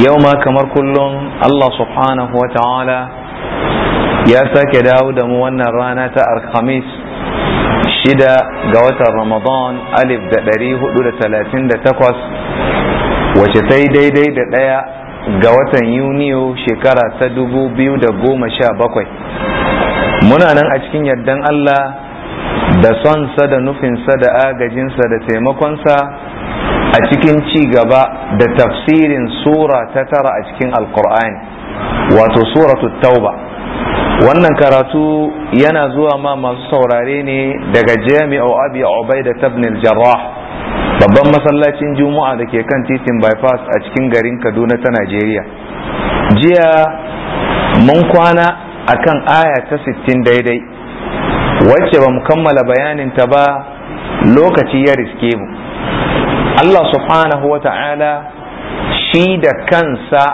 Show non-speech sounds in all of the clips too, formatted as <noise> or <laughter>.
yau ma kamar kullum Allah subhanahu wa ta'ala ya sake dawo da mu wannan rana ta alhamis shida ga watan ramadan alif da ɗari hudu da talatin da takwas wace ta yi daidai da ɗaya ga watan yuniyo shekara ta dubu biyu da goma sha bakwai muna nan a cikin yardan Allah da sonsa da nufinsa da agajinsa da taimakonsa a cikin ci gaba da tafsirin sura ta tara a cikin alkur'ani wato suratu tauba wannan karatu yana zuwa ma masu saurare ne daga jami'o abi da tabnil jarrah babban masallacin juma'a da ke kan titin bypass a cikin garin kaduna ta najeriya jiya mun kwana a kan aya ta sittin daidai wacce ba mu kammala bayaninta ba lokaci ya riske mu Allah subhanahu wa ta'ala shi da kansa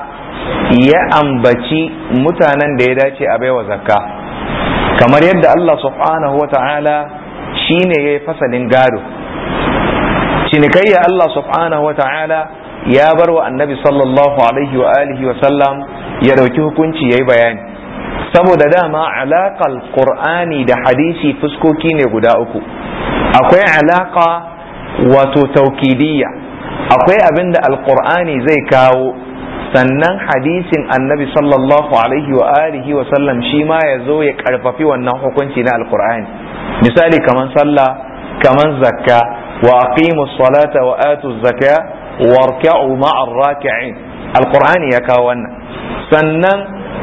ya ambaci mutanen da ya dace a baiwa zakka kamar yadda Allah subhanahu wa ta'ala shi ne ya yi fasalin gado cinikayya Allah subhanahu wa ta'ala ya bar wa annabi sallallahu alaihi wa alihi wa sallam ya ɗauki hukunci ya yi bayani saboda dama alaƙar ƙur'ani da hadisi fuskoki ne guda uku akwai alaƙa wato taukidiyya akwai abin da alkur'ani zai kawo sannan hadisin annabi sallallahu alaihi wa alihi wa sallam shi ma ya zo ya karfafi wannan hukunci na alkur'ani misali kaman sallah kaman zakka wa aqimu salata wa atu zakka warka'u ma'ar raki'in alkur'ani ya kawo wannan sannan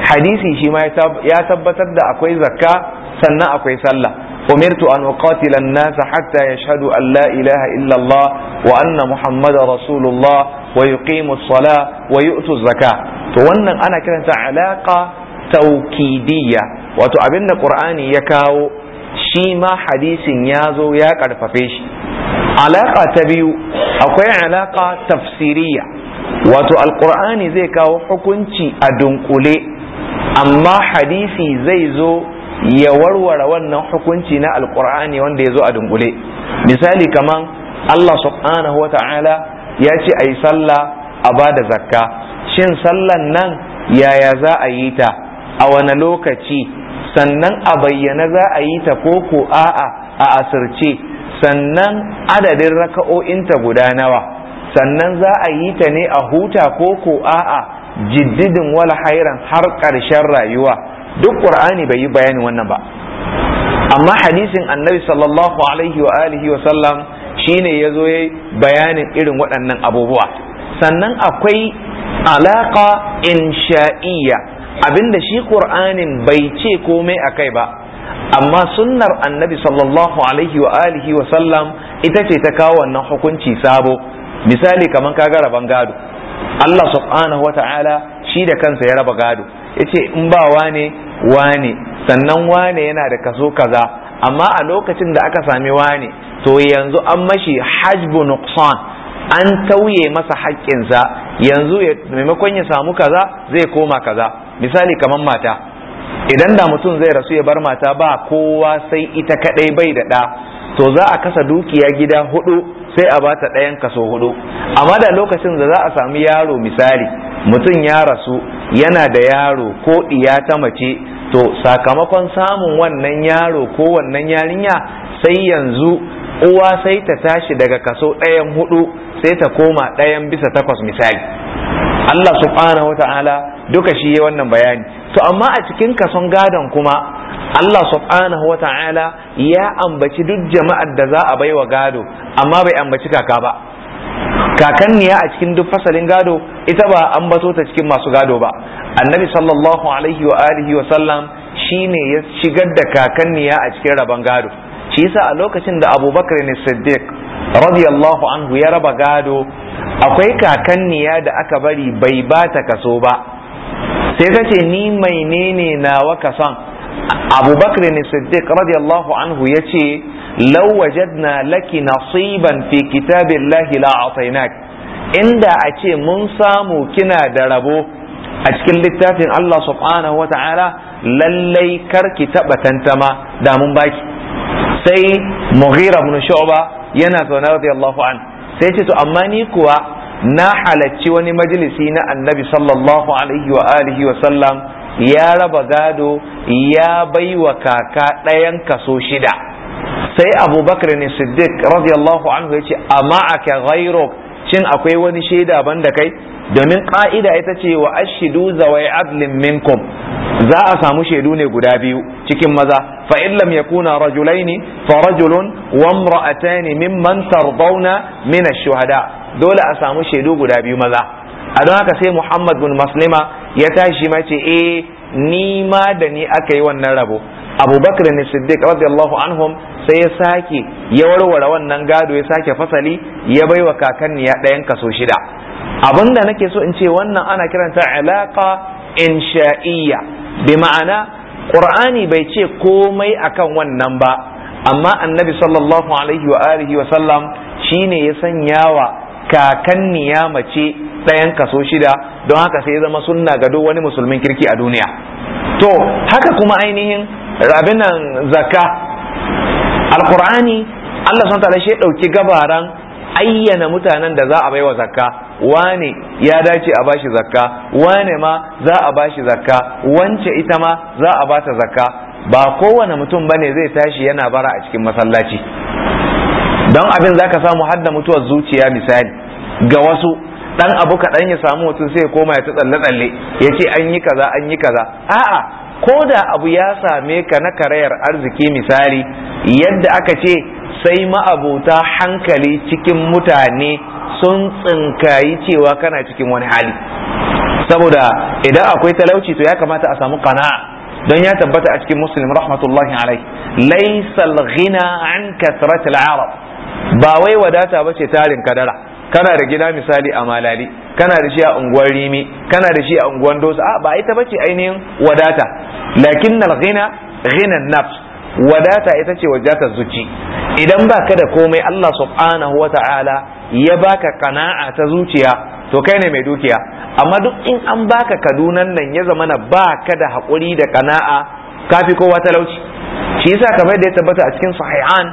hadisi shi ma ya tabbatar da akwai zakka sannan akwai sallah umirtu an uqatila an-nas hatta yashhadu an la ilaha illa Allah wa anna Muhammadar Rasulullah wa yuqimu as-salah wa yu'tu az-zakah to wannan ana kiranta alaqa taukidiyya wato abinda ƙur'ani ya kawo shi ma hadisin ya zo ya karfafe shi alaƙa ta biyu akwai alaƙa tafsiriya wato alƙur'ani zai kawo hukunci a dunkule amma hadisi zai zo ya warware wannan hukunci na alqur'ani wanda ya zo a dunkule misali kaman Allah subhanahu wa ta'ala ya ce a yi sallah a bada zakka shin sallan nan yaya za a yi ta a wani lokaci sannan a bayyana za a yi ta ko ko a'a a asirce sannan adadin raka'o'in ta guda nawa sannan za a yi ta ne a huta ko ko a'a jiddidin wala hairan har ƙarshen rayuwa duk qur'ani bai yi bayani wannan ba amma hadisin annabi sallallahu alaihi wa alihi wa sallam shine yazo yayi bayanin irin waɗannan abubuwa sannan akwai alaqa insha'iyya abinda shi qur'anin bai ce komai akai ba amma sunnar annabi sallallahu alaihi wa alihi wa sallam ita ce ta kawo wannan hukunci sabo misali kaman kaga raban gado Allah subhanahu wa ta'ala shi da kansa ya raba gado yace in ba wane wane sannan wane yana da kaso kaza amma a lokacin da aka sami wane to yanzu an mashi hajbu nuqsan an tauye masa haƙƙinsa yanzu maimakon ya samu kaza zai koma kaza misali kamar mata idan da mutum zai rasu ya bar mata ba kowa sai ita kadai bai da ɗa to za a kasa dukiya gida hudu sai a bata ɗayan kaso hudu amma da lokacin da za a sami yaro misali mutum ya rasu yana da yaro ko ɗiya ta mace to sakamakon samun wannan yaro ko wannan yarinya sai yanzu uwa sai ta tashi daga kaso ɗayan hudu sai ta koma ɗayan bisa takwas misali Allah subhanahu wa ta'ala duka shi wannan bayani to amma a cikin kason gadon kuma Allah subhanahu wa ta'ala ya ambaci duk jama'ar da za a baiwa gado amma bai ambaci kaka ba kakanniya a cikin duk fasalin gado ita ba an bato ta cikin masu gado ba annabi sallallahu alaihi wa alihi wa sallam shine ya shigar da kakanniya a cikin rabon gado shi yasa a lokacin da abubakar ne siddiq radiyallahu anhu ya raba gado akwai kakanniya da aka bari bai bata kaso ba sai ka ce ni mai ne nawa ka san abu bakr ne siddiq radiyallahu anhu ya ce law wajadna laki nasiban fi kitabillahi la atainak inda a ce mun samu kina da rabo a cikin littafin Allah subhanahu wa ta'ala lallai kar ki taɓa tantama da mun baki sai mughira ibn shu'ba yana zaune radiyallahu an sai ce to amma ni kuwa na halacci wani majalisi na annabi sallallahu alaihi wa alihi wa sallam ya raba gado ya bai wa kaka ɗayan kaso shida sai abubakar ne siddiq radiyallahu anhu ya ce a ma'aka ghairuk shin akwai wani shaida ban da kai domin ka'ida ita ce wa ashidu zawai adlin minkum za a samu shaidu ne guda biyu cikin maza fa in yakuna rajulaini fa rajulun wa imra'atani mimman tardawna min ash-shuhada dole a samu shaidu guda biyu maza a don haka sai Muhammad bin Maslima ya tashi mace eh ni ma da ni aka yi wannan rabo Abu bakar ne Siddiq radiyallahu anhum sai ya sake ya warware wannan gado ya sake fasali ya baiwa kakanni ya ɗayan kaso shida abinda nake so in ce wannan ana kiranta alaqa insha'iyya bi ma'ana Qur'ani bai ce komai akan wannan ba amma annabi sallallahu alaihi wa alihi wa sallam shine ya sanya wa kakanniya mace ɗayan kaso shida don haka sai ya zama sunna ga duk wani musulmin kirki a duniya to haka kuma ainihin rabinan nan zakka alqur'ani Allah subhanahu ta'ala shi ya dauki gabaran ayyana mutanen da za a baiwa zakka wane ya dace a bashi zakka wane ma za a bashi zakka wance ita ma za a bata zakka ba kowane mutum bane zai tashi yana bara a cikin masallaci don abin zaka samu hadda mutuwar zuciya misali ga wasu dan abu kaɗan ya samu mutum sai ya koma ya ta tsalle tsalle ya ce an yi kaza an yi kaza a'a ko da abu ya same ka na karayar arziki misali yadda aka ce sai ma'abuta hankali cikin mutane sun tsinkayi cewa kana cikin wani hali saboda idan akwai talauci to ya kamata a samu kana don ya tabbata a cikin muslim rahmatullahi alai laisal ghina an kasratul arab ba wai wadata ba ce tarin kadara kana da gida misali a malali kana da shi a unguwar rimi kana da shi a unguwar dosa a ba ita bace ainihin wadata lakin na ghina ghina nafs wadata ita ce wajata zuci idan baka da komai Allah subhanahu Ta'ala ya baka kana'a ta zuciya to kai ne mai dukiya amma duk in an baka kadunan nan ya zama na ka da haƙuri da kana'a kafi kowa talauci shi yasa kamar da ya tabbata a cikin sahihan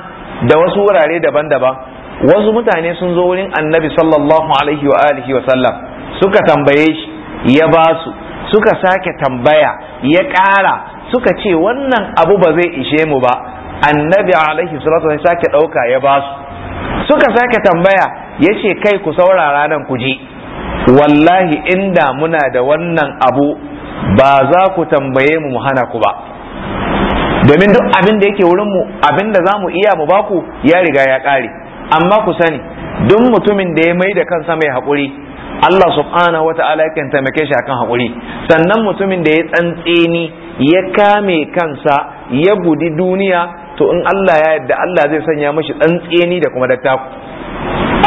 da wasu wurare daban-daban wasu mutane sun zo wurin annabi sallallahu alaihi wa alihi wa sallam suka tambaye shi ya ba su suka sake tambaya ya ƙara suka ce wannan abu ba zai ishe mu ba annabi alaihi salatu wa sake ɗauka ya ba su suka sake tambaya ya ce kai ku saurara nan ku je wallahi inda muna da wannan abu ba za ku tambaye mu hana ku ba domin duk abin da yake mu abin da za mu iya mu baku ya riga ya ƙare amma ku sani duk mutumin da ya mai da kansa mai haƙuri Allah subhanahu wa ta'ala yakan taimake shi akan haƙuri sannan mutumin da ya tsantseni ya kame kansa ya gudi duniya to in Allah ya yadda Allah zai sanya mashi tsantseni da kuma dattaku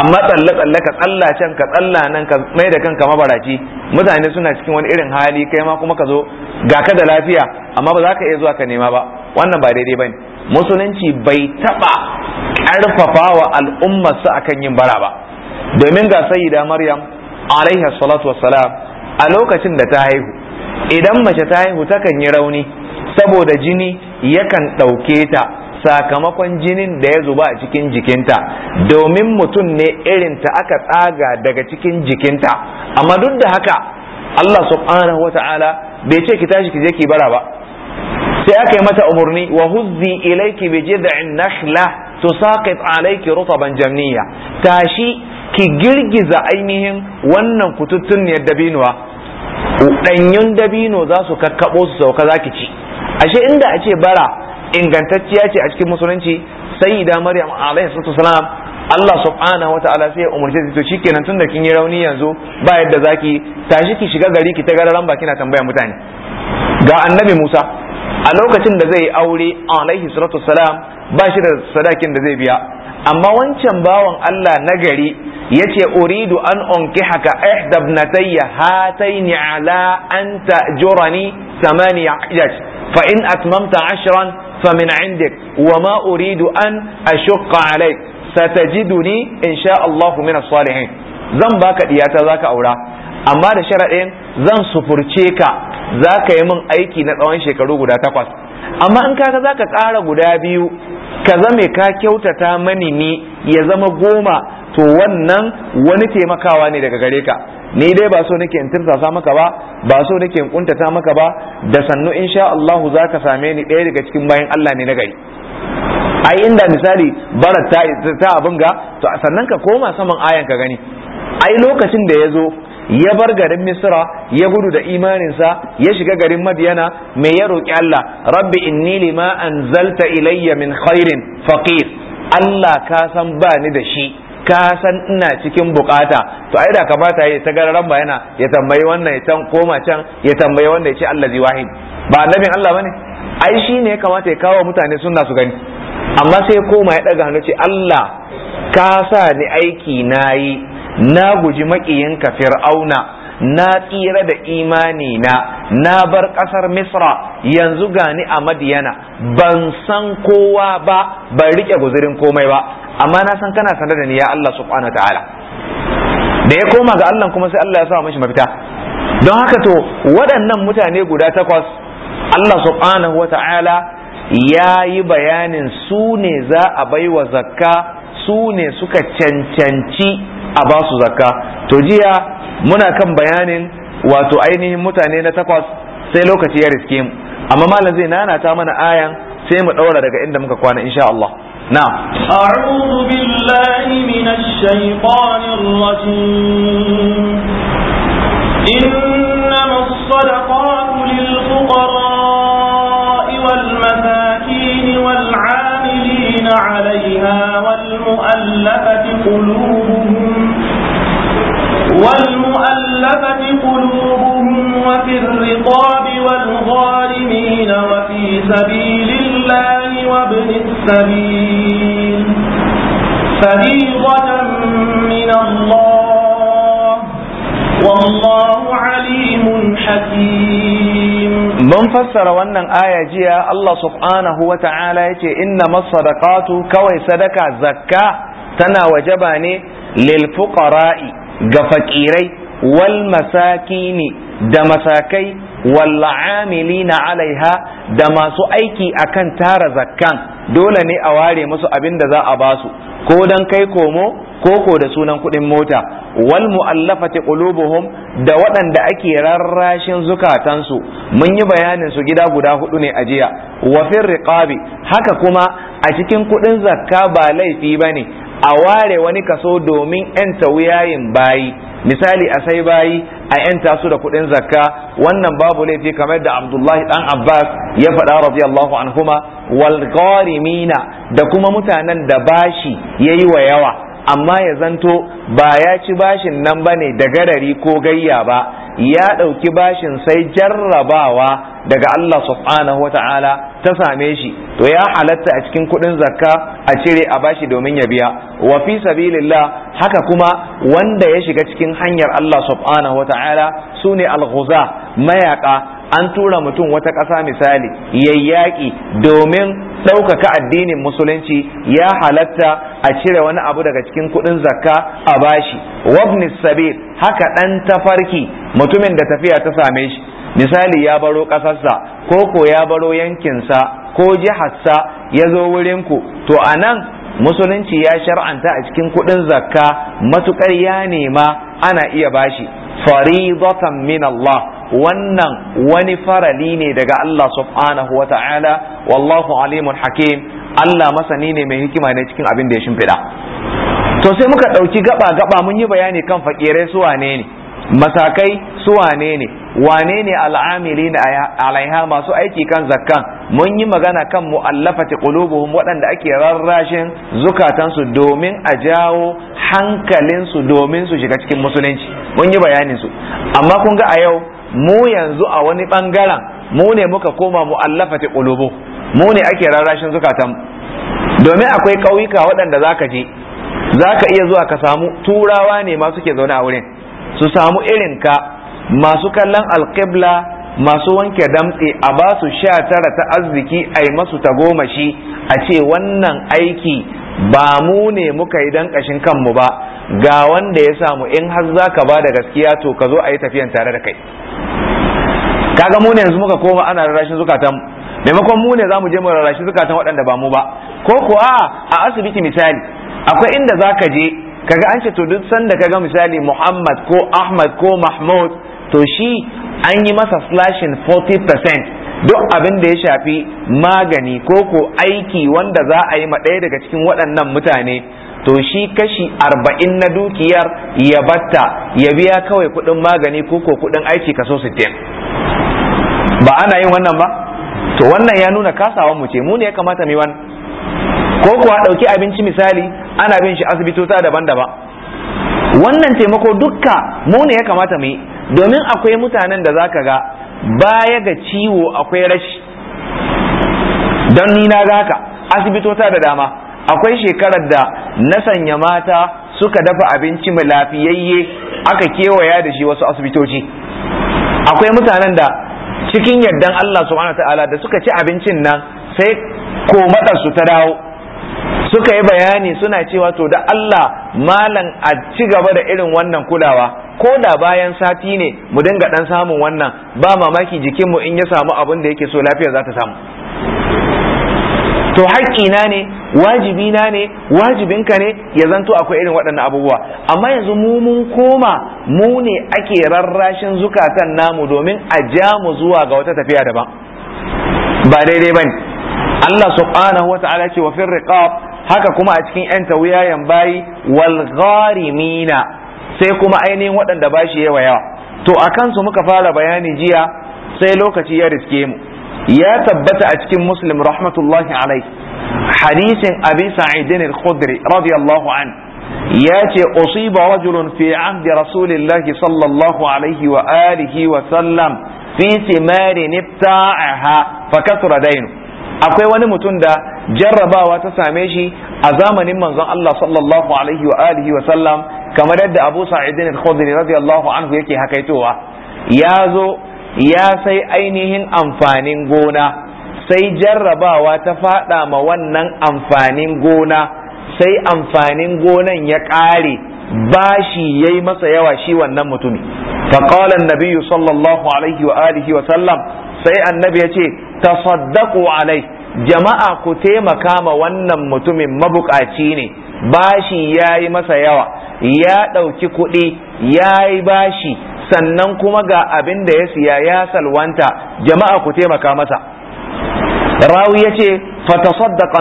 amma tsalle tsalle ka tsalla can ka tsalla nan ka mai da kanka mabaraci mutane suna cikin wani irin hali kai ma kuma ka zo ga ka da lafiya amma ba za ka iya zuwa ka nema ba wannan ba daidai bane musulunci bai taɓa ƙarfafa wa al'umma su akan yin bara ba domin ga sayyida maryam alaiha salatu wassalam a lokacin da ta haihu idan mace ta haihu takan yi rauni saboda jini yakan ɗauke ta sakamakon jinin da ya zuba a cikin jikinta domin mutum ne irin ta aka tsaga daga cikin jikinta amma duk da haka Allah subhanahu wa ta'ala bai ce ki tashi ki je ki bara ba sai aka yi mata umarni wa huzzi ilayki bi jid'in nakhla tusaqit alayki rutaban jamniya tashi ki girgiza ainihin wannan ne dabinuwa danyun dabino za su kakkabo su sauka zaki ci ashe inda a ce bara ingantacciya ce a cikin musulunci sayyida maryam salatu salam Allah subhanahu wa ta'ala sai ya umarce ta kenan shikenan da kin yi rauni yanzu ba yadda zaki tashi ki shiga gari ki ta gararan ba kina tambaya mutane ga annabi Musa a lokacin da zai aure alaihi salatu salam ba shi da sadakin da zai biya amma wancan bawan Allah ya ce uridu an unkihaka ihda ibnatayya hataini ala an ta'jurani samaniya ajaj fa in atmamta ashiran fa min indik wa ma uridu an ashqa alayk satajiduni insha Allah min as-salihin zan baka diyata zaka aura amma da sharaɗin zan sufurce ka za ka yi min aiki na tsawon shekaru guda takwas amma in ka za ka ƙara guda biyu ka zame ka kyautata mani ni ya zama goma to wannan wani taimakawa ne daga gare ka ni dai ba so nake in tirsasa maka ba ba so nake in kuntata maka ba da sannu insha Allah za ka same ni ɗaya daga cikin bayan Allah ne na gari ai inda misali barat ta abin ga to sannan ka koma saman ayan ka gani ai lokacin da ya zo ya bar garin misra ya gudu da imaninsa ya shiga garin madiyana mai ya roƙi Allah rabbi inni lima anzalta ilayya min khairin faqir Allah ka san ba ni da shi ka san ina cikin bukata to ai da kamata ya ta gararan yana ya tambayi wannan ya can koma can ya tambayi wannan ya ce Allah ji wahin. ba annabin Allah bane ai shi ne ya kamata ya kawo mutane sunna su gani amma sai koma ya daga hannu ce Allah ka sa ni aiki yi. na guji maƙiyinka fir'auna na tsira da imani na na bar ƙasar misra yanzu gani a madiyana ban san kowa ba ban riƙe guzurin komai ba amma na san kana sanar da ni ya Allah subhanahu ta'ala da ya koma ga Allah kuma sai Allah ya sa mashi mafita don haka to waɗannan mutane guda takwas Allah subhanahu wa ta'ala ya yi bayanin su ne za a baiwa zakka su ne suka cancanci a ba su zakka to jiya muna kan bayanin wato ainihin mutane na takwas sai lokaci ya riske mu amma malam zai nanata mana ayan sai mu daura daga inda muka kwana insha Allah na'am a'udhu billahi minash shaitanir rajim innamas sadaqatu lil fuqara wal masakin wal 'amilin 'alayha wal mu'allafati والمؤلفة قلوبهم وفي الرقاب والغارمين وفي سبيل الله وابن السبيل فريضة من الله والله عليم حكيم من فسر وانا آية جيا الله سبحانه وتعالى إنما الصدقات كوي صدقة زكاة تنا وجباني للفقراء ga fakirai wal masakini da masakai wal amilina alaiha da masu aiki akan tara zakkan dole ne a ware musu abin da za a basu ko dan kai komo ko ko da sunan kuɗin mota wal mu'allafati qulubuhum da waɗanda ake rarrashin zukatansu mun yi bayanin su gida guda hudu ne a jiya wa fir riqabi haka kuma a cikin kuɗin zakka ba laifi bane a ware wani kaso domin 'yanta wuyayin bayi misali a sai bayi a 'yanta su da kuɗin zakka wannan babu laifi kamar da abdullahi dan abbas ya faɗa radiyallahu anhuma wal da kuma mutanen da bashi yayi wa yawa amma ya zanto ba ya ci bashin nan ba ne da garari ko gayya ba ya ɗauki bashin sai jarrabawa daga Allah subhanahu wa ta'ala ta same shi to ya halatta a cikin kuɗin zakka a cire a bashi domin ya biya wa fi sabilillah haka kuma wanda ya shiga cikin hanyar Allah subhanahu wata'ala su ne alghuza mayaka an tura mutum wata ƙasa misali yayyaki domin ɗaukaka addinin musulunci ya halatta a cire wani abu daga cikin kuɗin zakka a bashi wabnis sabil haka ɗan tafarki mutumin da tafiya ta same shi misali ya baro ƙasarsa ko ko ya baro yankinsa ko jiharsa ya zo ku to a nan musulunci ya shar'anta a cikin kuɗin zakka matuƙar ya nema ana iya bashi faridatan min Allah wannan wani farali ne daga Allah subhanahu wa ta'ala wallahu alimun hakim Allah masani ne mai hikima ne cikin abin da ya shimfiɗa to sai muka ɗauki gaba gaba mun yi bayani kan fakirai su wane ne masakai su wane ne wane ne al'amili alaiha masu aiki kan zakkan mun yi magana kan mu'allafati qulubuhum waɗanda ake rarrashin zukatansu domin a jawo hankalinsu domin su shiga cikin musulunci mun yi bayanin su amma kun ga a yau mu yanzu a wani bangaren mu ne muka koma mu'allafati qulubu mu ne ake rarrashin zukatan domin akwai ƙauyuka waɗanda zaka je zaka iya zuwa ka samu turawa ne ma suke zaune a wurin su samu irin ka masu kallon alƙibla masu wanke damtse a ba su sha tara ta arziki a yi masu tagomashi a ce wannan aiki ba mu ne muka yi dan ƙashin kanmu ba ga wanda ya samu in har za ka ba da gaskiya to ka zo a yi tafiyan tare da kai kaga mu ne yanzu muka koma ana rarrashin zukatanmu maimakon mu ne za mu je mu rarashi zukatan waɗanda ba mu ba ko kuwa a asibiti misali akwai inda za ka je kaga an ce to duk sanda kaga misali Muhammad ko Ahmad ko Mahmud to shi an yi masa slashin 40% duk abin da ya shafi magani ko ko aiki wanda za a yi ma ɗaya daga cikin waɗannan mutane to shi kashi arba'in na dukiyar ya batta ya biya kawai kuɗin magani ko ko kuɗin aiki kaso sittin ba ana yin wannan ba to wannan ya nuna kasawan mu ce mu ne ya kamata mi wani ko kuwa ɗauki abinci misali ana bin shi asibitota daban-daban wannan taimako dukka mu ne ya kamata mu yi domin akwai mutanen da zaka ga baya ga ciwo akwai rashi don ni na asibitota da dama akwai shekarar da na sanya mata suka dafa abinci mai lafiyayye aka kewaya da shi wasu asibitoci akwai mutanen da cikin yardan Allah subhanahu ta'ala da suka ci abincin nan sai komatarsu ta dawo suka yi bayani suna cewa to da Allah malam a ci gaba da irin wannan kulawa ko da bayan sati ne mu dinga dan samun wannan ba mamaki jikinmu in ya samu abin da yake so lafiya za ta samu to haƙƙina ne wajibi na ne wajibinka ne ya zanto akwai irin waɗannan abubuwa amma yanzu mu mun koma mu ne ake rarrashin zukatan namu domin a ja mu zuwa ga wata tafiya daban ba daidai ba ne. Allah subhanahu wa ta'ala ce wa fir haka kuma a cikin yan tawiyayen bayi wal gharimina sai kuma ainihin waɗanda shi yawa yawa to a kansu muka fara bayani jiya sai lokaci ya riske mu ya tabbata a cikin muslim rahmatullahi alai hadisin abi sa'idin al-khudri radiyallahu an ya ce usiba rajulun fi ahdi rasulillahi sallallahu alaihi wa alihi wa sallam fi timarin ibta'aha fa kasra dainu akwai wani mutum da jarrabawa ta same shi a zamanin manzon Allah sallallahu alaihi wa alihi wa sallam kamar yadda Abu Sa'id al-Khudri radiyallahu anhu yake hakaitowa ya zo ya sai ainihin amfanin gona sai jarrabawa ta fada ma wannan amfanin gona sai amfanin gonan ya ƙare bashi yayi masa yawa shi wannan mutumi nabiyyu النبي صلى الله عليه wa sallam sai annabi ya ce tasaddaqu alai jama'a ku taimaka ma wannan mutumin mabukaci ne bashi yayi masa yawa ya ɗauki kuɗi ya yi bashi sannan kuma ga abin da ya siya ya salwanta jama'a ku taimaka masa rawi ya ce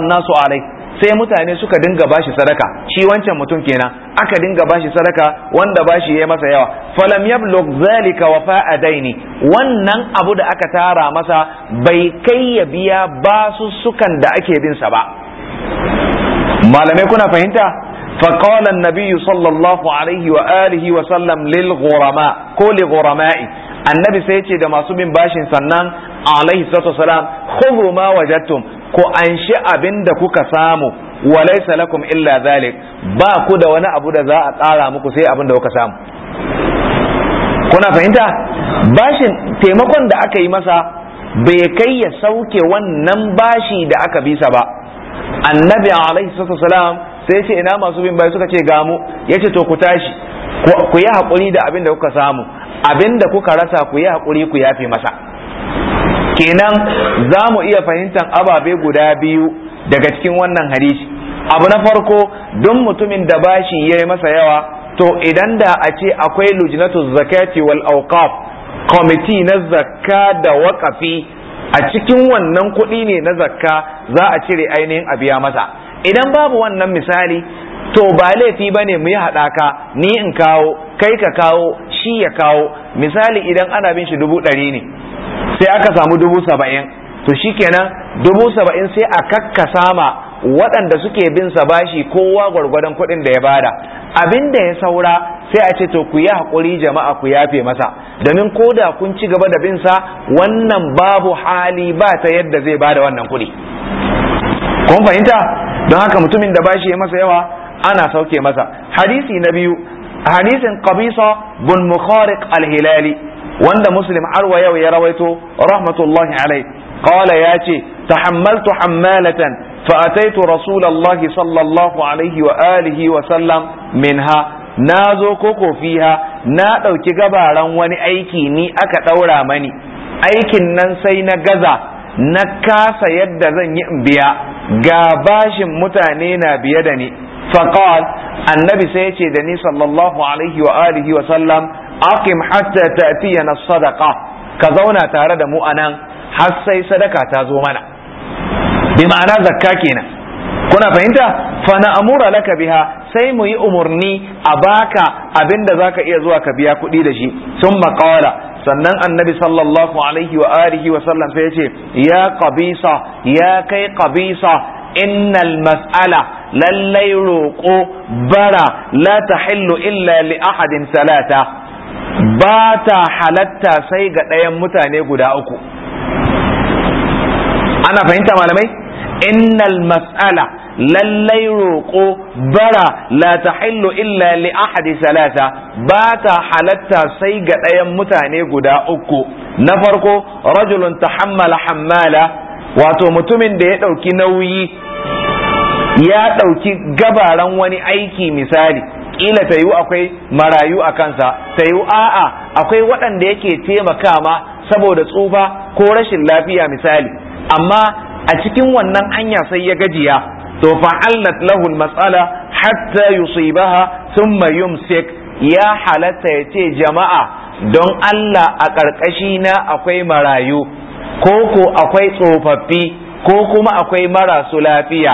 nasu alai sai mutane suka dinga bashi sadaka shi wancan mutum kenan aka dinga bashi sadaka wanda bashi ya masa yawa falam yablugh zalika wafa'a ne wannan abu da aka tara masa bai kai ya biya basussukan da ake bin sa ba malamai kuna fahimta فقال النبي صلى الله عليه وآله وسلم للغرماء قول غرمائي النبي سيتي da masu bin bashin sannan alaihi salatu wasalam khudhu ma wajadtum ku anshi abin da kuka samu wa laysa illa zalik ba ku da wani abu da za a tsara muku sai abin da kuka samu kuna fahimta bashin taimakon da aka yi masa bai kai ya sauke wannan bashi da aka bisa ba annabi alaihi salatu wasalam sai ce ina masu bin bai suka ce gamu yace to ku tashi ku yi hakuri da abin da kuka samu abin da kuka rasa ku yi hakuri ku yafe masa kenan za mu iya fahimtar ababe guda biyu daga cikin wannan hadisi abu na farko don mutumin da bashi ya yi masa yawa to idan da a ce akwai lujnatu zakati wal awqaf kwamiti na zakka da waƙafi a cikin wannan kuɗi ne na zakka za a cire ainihin a biya masa idan babu wannan misali to ba laifi ba ne mu yi haɗaka ni in kawo kai ka kawo shi ya kawo misali idan ana bin shi dubu ɗari ne sai aka samu dubu saba'in to shi kenan dubu saba'in sai a kakkasa ma waɗanda suke bin sa bashi kowa gwargwadon kuɗin da ya bada abin da ya saura sai a ce to ku yi hakuri jama'a ku yafe masa domin ko da kun ci gaba da bin sa wannan babu hali ba ta yadda zai bada wannan kuɗi kun fahimta don haka mutumin da bashi ya masa yawa ana sauke masa hadisi na biyu hadisin qabisa bin mukhariq al-hilali wanda muslim arwa yau ya rawaito rahmatullahi alai qala ya ce tahammaltu hammalatan fa ataitu rasulallahi sallallahu alaihi wa alihi wa sallam minha na zo koko fiha na ɗauki gabaran wani aiki ni aka ɗaura mani aikin nan sai na gaza na kasa yadda zan yi in biya ga bashin mutane na biye da ni faqal annabi sai yace da ni sallallahu alaihi wa alihi wa sallam aqim hatta ta'tiyana sadaqa ka zauna tare da mu anan har sai sadaka ta zo mana bi ma'ana zakka kenan kuna fahimta fa amura laka biha sai mu yi umurni a baka abinda zaka iya zuwa ka biya kuɗi da shi sun qala sannan annabi sallallahu alaihi wa alihi wa sallam sai yace ya qabisa ya kai qabisa innal mas'ala lallai roƙo bara la tahillu illa li ahadin salata ba ta halatta sai ga ɗayan mutane guda uku ana fahimta malamai innal mas'ala lallai roƙo bara la tahillu illa li ahadi salasa ba ta halatta sai ga ɗayan mutane guda uku na farko rajulun tahammala hammala wato mutumin da ya ɗauki nauyi ya ɗauki gabaran wani aiki misali ƙila ta yi akwai marayu a kansa ta yi a'a akwai waɗanda yake taimaka ma saboda tsufa ko rashin lafiya misali amma a cikin wannan hanya sai ya gajiya to fa'allat lahu al-mas'ala hatta yusibaha thumma yumsik ya halatta ya ce jama'a don Allah a ƙarƙashi na akwai marayu ko ko akwai tsofaffi ko kuma akwai marasu lafiya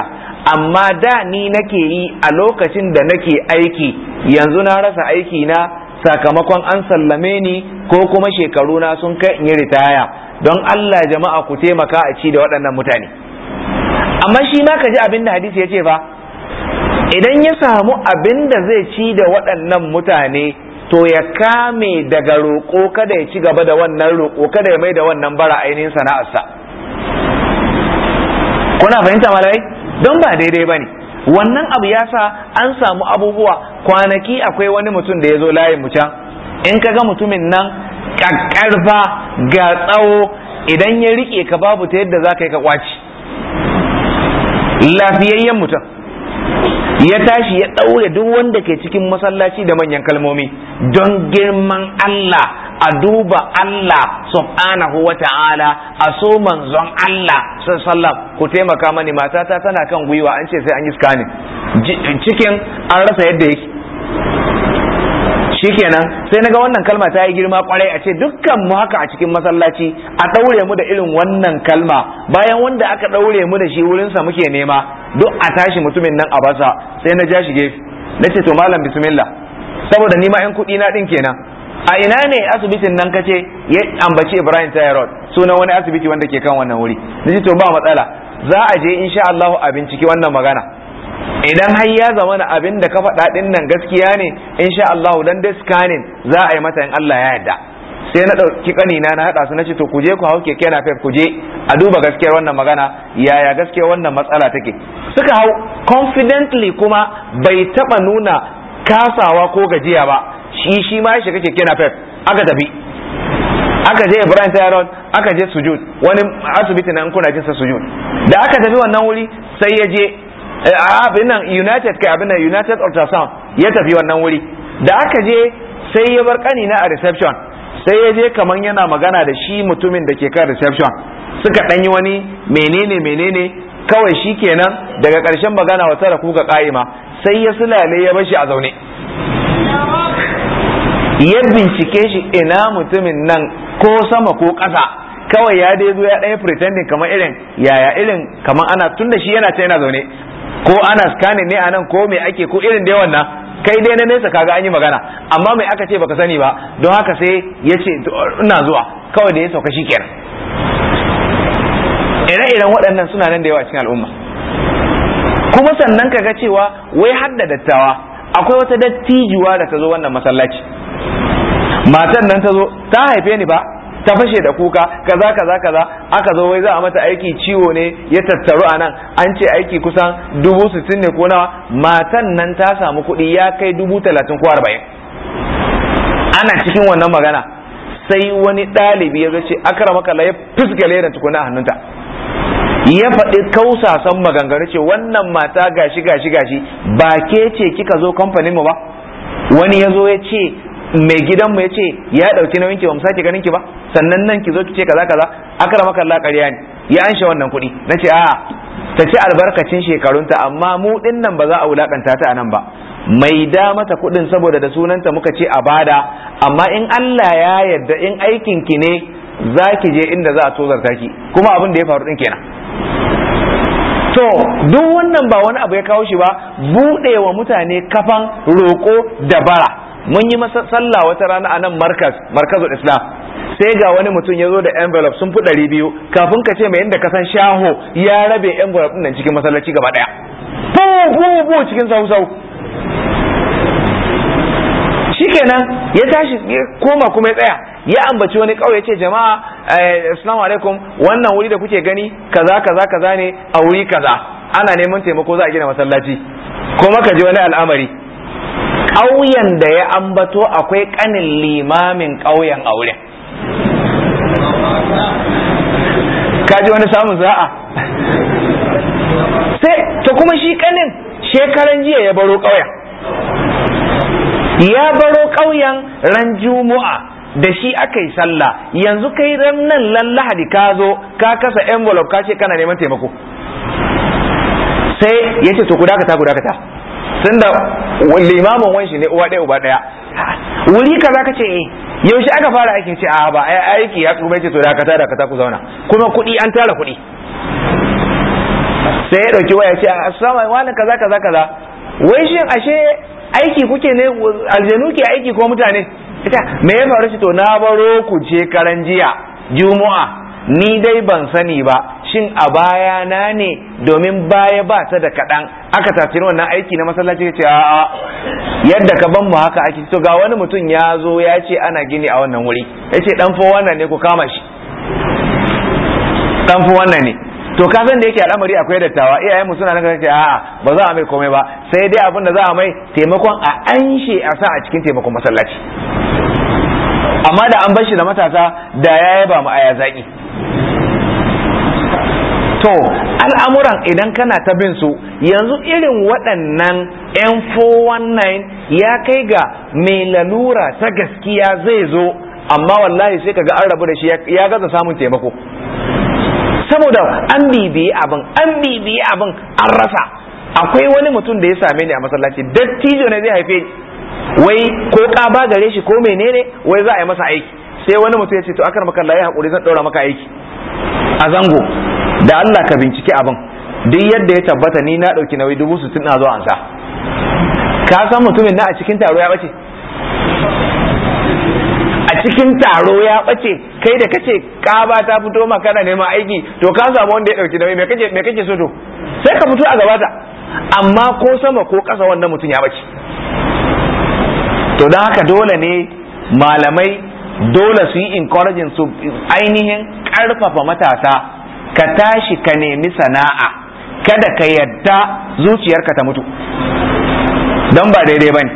amma da ni nake yi a lokacin da nake aiki yanzu na rasa aiki na sakamakon an sallame ni ko kuma shekaru na sun kai in yi ritaya don Allah jama'a ku taimaka a ci da waɗannan mutane amma shi ma ka ji abin da hadisi ya ce fa idan ya samu abin da zai ci da waɗannan mutane to ya kame daga roƙo kada ya ci gaba da wannan roƙo kada ya mai da wannan bara ainihin sana'arsa kuna fahimta malai don ba daidai ba ne wannan abu ya sa an samu abubuwa kwanaki akwai wani mutum da ya zo layin mu in ka ga mutumin nan ƙaƙƙarfa ga tsawo idan ya riƙe ka babu ta yadda za ka yi ka kwaci lafiyayyen mutum ya tashi ya ɗaure duk wanda ke cikin masallaci da manyan kalmomi don girman Allah a duba Allah subhanahu wa ta'ala a so manzon Allah sallam ku taimaka mani matata tana kan gwiwa an ce sai an yi scanning cikin an rasa yadda yake shikenan sai naga wannan kalma ta yi girma kwarai a ce dukkan mu haka a cikin masallaci a daure mu da irin wannan kalma bayan wanda aka daure mu da shi wurin sa muke nema duk a tashi mutumin nan a basa sai na ja shi gefe nace to malam bismillah saboda ni ma yan kuɗi na din kenan a ina ne asibitin nan kace ya ambaci Ibrahim Tayyarod sunan wani asibiti wanda ke kan wannan wuri nace to ba matsala za a je insha Allah a binciki wannan magana idan har ya zama na abin da ka faɗa ɗin nan gaskiya ne insha Allah dan dai scanning za a yi mata in Allah ya yarda sai na ɗauki kanina na haɗa su na ce to kuje ku hau keke na ku je a duba gaskiyar wannan magana yaya gaskiyar wannan matsala take suka hau confidently kuma bai taɓa nuna kasawa ko gajiya ba shi shi ma ya shiga keke na aka tafi aka je Ibrahim Tayaron aka je sujud wani asibiti na kuna jinsa sujud da aka tafi wannan wuri sai ya je Eh, abin united kai abin nan united ultrasound ya tafi wannan wuri da aka je sai ya bar kani na a reception sai ya je kaman yana magana da shi mutumin da ke kan reception suka ɗanyi wani menene menene kawai shi kenan daga karshen magana wata da kuka kaima sai ya sulale ya bashi a zaune ya bincike shi ina mutumin nan ko sama ko ƙasa kawai ya dai zo ya ɗaya pretending kamar irin yaya irin kamar ana tunda shi yana ta yana zaune ko ana scanning ne anan ko me ake ko irin da yawan nan kai dai na nesa kaga an yi magana amma mai aka ce baka sani ba don haka sai ya ce ina zuwa kawai da ya sauka shi kenan ire-iren waɗannan suna nan da yawa cikin al'umma kuma sannan kaga cewa wai har da dattawa akwai wata dattijuwa da ta zo wannan masallaci matan nan ta zo ta haife ni ba ta fashe da kuka kaza kaza kaza aka zo wai za a mata aiki ciwo ne ya tattaru a nan an ce aiki kusan dubu sittin ne ko nawa matan nan ta samu kuɗi ya kai dubu talatin ko arba'in ana cikin wannan magana sai wani ɗalibi ya zo ce akara makala ya da tukuna a hannunta ya faɗi kausasan maganganu ce wannan mata gashi gashi gashi ba ke ce kika zo kamfanin mu ba wani ya zo ya ce mai gidan mu yace ya dauki nauyin ki ba mu sake ganin ki ba sannan nan ki zo ki ce kaza kaza akara maka Allah ƙarya ne ya anshe wannan kuɗi nace a ta ci albarkacin shekarunta amma mu din nan ba za a wulakanta ta anan ba mai da mata kuɗin saboda da sunanta muka ce a bada amma in Allah ya yarda in aikin ki ne za ki je inda za a tozarta ki kuma abin da ya faru din kenan to duk wannan ba wani abu ya kawo shi ba buɗe wa mutane kafan roƙo da bara mun yi masa sallah wata rana a nan markaz markazul islam sai ga wani mutum ya zo da envelope sun fi ɗari biyu kafin ka ce mai yadda kasan shaho ya rabe envelope ɗin cikin masallaci gaba ɗaya bu cikin sau sau shikenan ya tashi koma kuma ya tsaya ya ambaci wani ƙauye ce jama'a eh, assalamu alaikum wannan wuri da kuke gani kaza kaza kaza ne a wuri kaza ana neman taimako za a gina masallaci ko maka ji wani al'amari ƙauyen da ya ambato akwai ƙanin limamin ƙauyen auren kaji wani samun za'a sai ta kuma shi ƙanin shekaran jiya ya baro ƙauyen ya baro ƙauyen ran juma'a da shi aka yi sallah yanzu kai ran nan lallahadi ka zo ka kasa envelope ka ce kana neman taimako sai ya ce to ku ta ku ka tunda limamin wanshi ne uwa ɗaya uba ɗaya wuri ka za ka ce eh yaushe aka fara aikin ce a ah, ba aiki ya tsubai ce to da dakata ta ku zauna kuma kuɗi an tara kuɗi sai ya ɗauki waya ce a sama wani kaza kaza kaza wai shin ashe aiki kuke ne aljanu ke aiki ko mutane ita me ya faru shi to na baro ku je karan jiya juma'a ni dai ban sani ba shin a baya na ne domin baya ba ta da kaɗan aka tafi wannan aiki na masallaci ya ce a'a yadda ka ban mu haka ake to ga wani mutum ya zo ya ce ana gini a wannan wuri ya ce wannan ne ku kama shi ɗan wannan ne to ka san da yake al'amari akwai dattawa iyayen mu suna nan ce a'a ba za a mai komai ba sai dai abin da za a mai taimakon a anshe a sa a cikin taimakon masallaci amma da an bar shi da matasa da ya yaba mu aya zaki to al'amuran idan kana ta bin su yanzu irin waɗannan 'yan 419 ya kai ga mai lalura ta gaskiya zai zo amma wallahi sai ka ga an rabu da shi ya gaza samun taimako saboda an bibiyi abin an bibiyi abin an rasa akwai wani mutum da ya same ni a masallaci dattijo ne zai haife wai ko ba gare shi ko menene wai za a yi masa aiki sai wani mutum ya ce to akar maka layi hakuri zan ɗora maka aiki a zango da Allah ka binciki abin duk yadda ya tabbata ni na ɗauki nauyi dubu sittin na zuwa ansa ka san mutumin na a cikin taro ya bace a cikin taro ya bace kai da kace kaba ta fito ma kana neman aiki to ka samu wanda ya ɗauki nauyi me kake me kake so to sai ka fito a gabata amma ko sama ko ƙasa wannan mutum ya bace to don haka dole ne malamai dole su yi encouraging su ainihin ƙarfafa matasa ka tashi ka nemi sana'a kada ka yadda zuciyarka ta mutu don ba daidai ba ne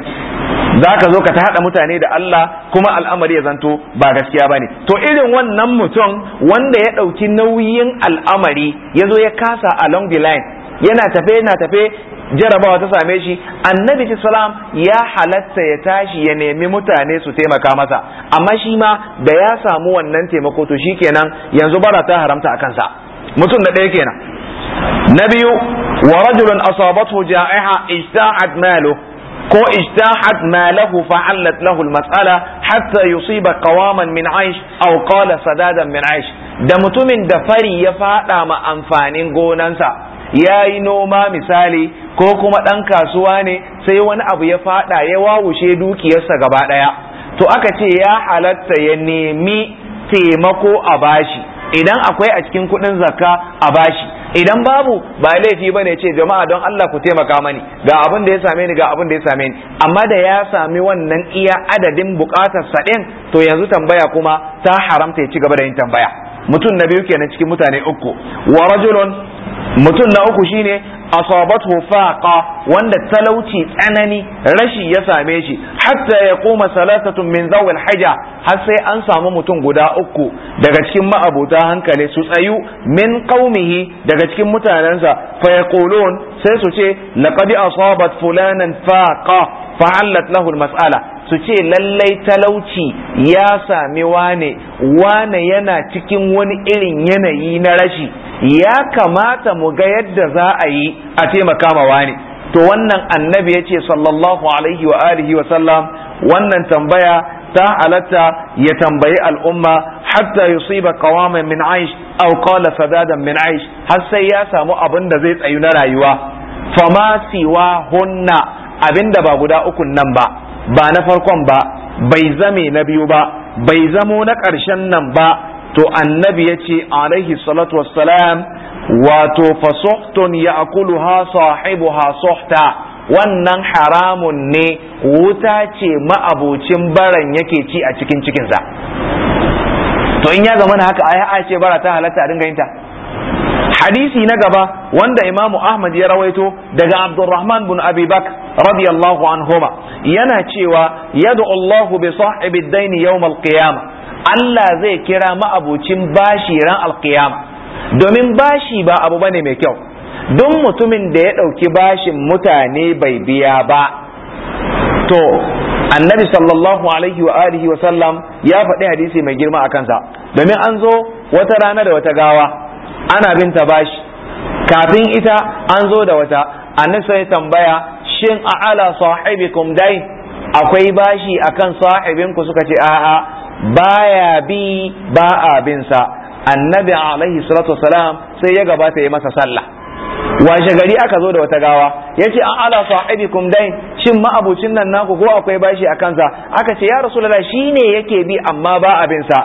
za ka zo ka ta haɗa mutane da Allah kuma al'amari ya zanto ba gaskiya ba ne to irin wannan mutum wanda ya ɗauki nauyin al'amari ya zo ya kasa along the line yana tafe yana tafe jarabawa ta same shi annabi salam ya halatta ya tashi ya nemi mutane su taimaka masa amma shi ma da ya samu wannan taimako to kenan yanzu bara ta haramta a kansa mutum da ɗaya kenan na biyu wa rajulun asabathu ja'iha ijta'at malu ko ijta'at malahu fa'allat lahu al-mas'ala hatta yusiba qawaman min 'aish aw qala sadadan min da mutumin da fari ya fada ma amfanin gonansa ya yi noma misali ko kuma ɗan kasuwa ne sai wani abu ya faɗa ya wawushe dukiyarsa gaba ɗaya to aka ce ya halatta ya nemi taimako a bashi idan akwai a cikin kuɗin zakka a bashi idan babu ba laifi ba ne ce jama'a don Allah ku taimaka mani ga abin da ya same ni ga abin da ya same ni amma da ya sami wannan iya adadin buƙatar sa ɗin to yanzu tambaya kuma ta haramta ya ci gaba da yin tambaya mutum na biyu kenan cikin mutane uku wa rajulun mutum na uku shine asabatu faqa wanda talauci tsanani rashi ya same shi hatta ya koma salasatun min zawil haja har sai an samu mutum guda uku daga cikin ma'abuta hankali su tsayu min qaumihi daga cikin mutanensa fa yaqulun sai su ce laqad asabat fulanan faqa fa'allat lahu al-mas'ala su ce lallai talauci ya sami wane wane yana cikin wani irin yanayi na rashi ya kamata mu ga yadda za a yi a taimaka ma wani to wannan annabi ya ce sallallahu alaihi wa alihi wa sallam wannan tambaya ta halatta ya tambayi al'umma hatta yusiba qawaman min aish aw qala sadadan min aish har sai ya samu abin da zai tsayu na rayuwa fama siwa hunna abinda ba guda ukun nan ba ba na farkon ba bai zame na biyu ba bai zamo na ƙarshen nan ba to annabi ya ce alaihi salatu wassalam wato fasohtun ya akulu ha sahibu ha sohta wannan haramun ne wuta ce ma'abocin baran yake ci a cikin cikinsa to in ya zama na haka ai ce bara ta halatta a dinga yinta hadisi na gaba wanda imamu ahmad ya rawaito daga abdurrahman bin abi bak radiyallahu anhuma yana cewa yadu allahu bi sahibi daini yawm al-qiyamah Allah zai kira ma'abocin bashi ran alkiyama domin bashi ba abu bane mai kyau don mutumin da ya ɗauki bashin mutane bai biya ba to annabi sallallahu alaihi wa alihi wa sallam ya faɗi hadisi mai girma a kansa domin an zo wata rana da wata gawa ana binta bashi kafin ita an zo da wata annabi sai tambaya shin a ala sahibikum dai akwai bashi akan sahibinku suka ce a'a baya bi ba a annabi alaihi salatu wasalam sai ya gabata ya masa sallah washe gari aka zo da wata gawa ya ce an ala sahibikum dai shin ma'abucin nan naku ko akwai bashi a kansa aka ce ya rasulullah shine yake bi amma ba abin sa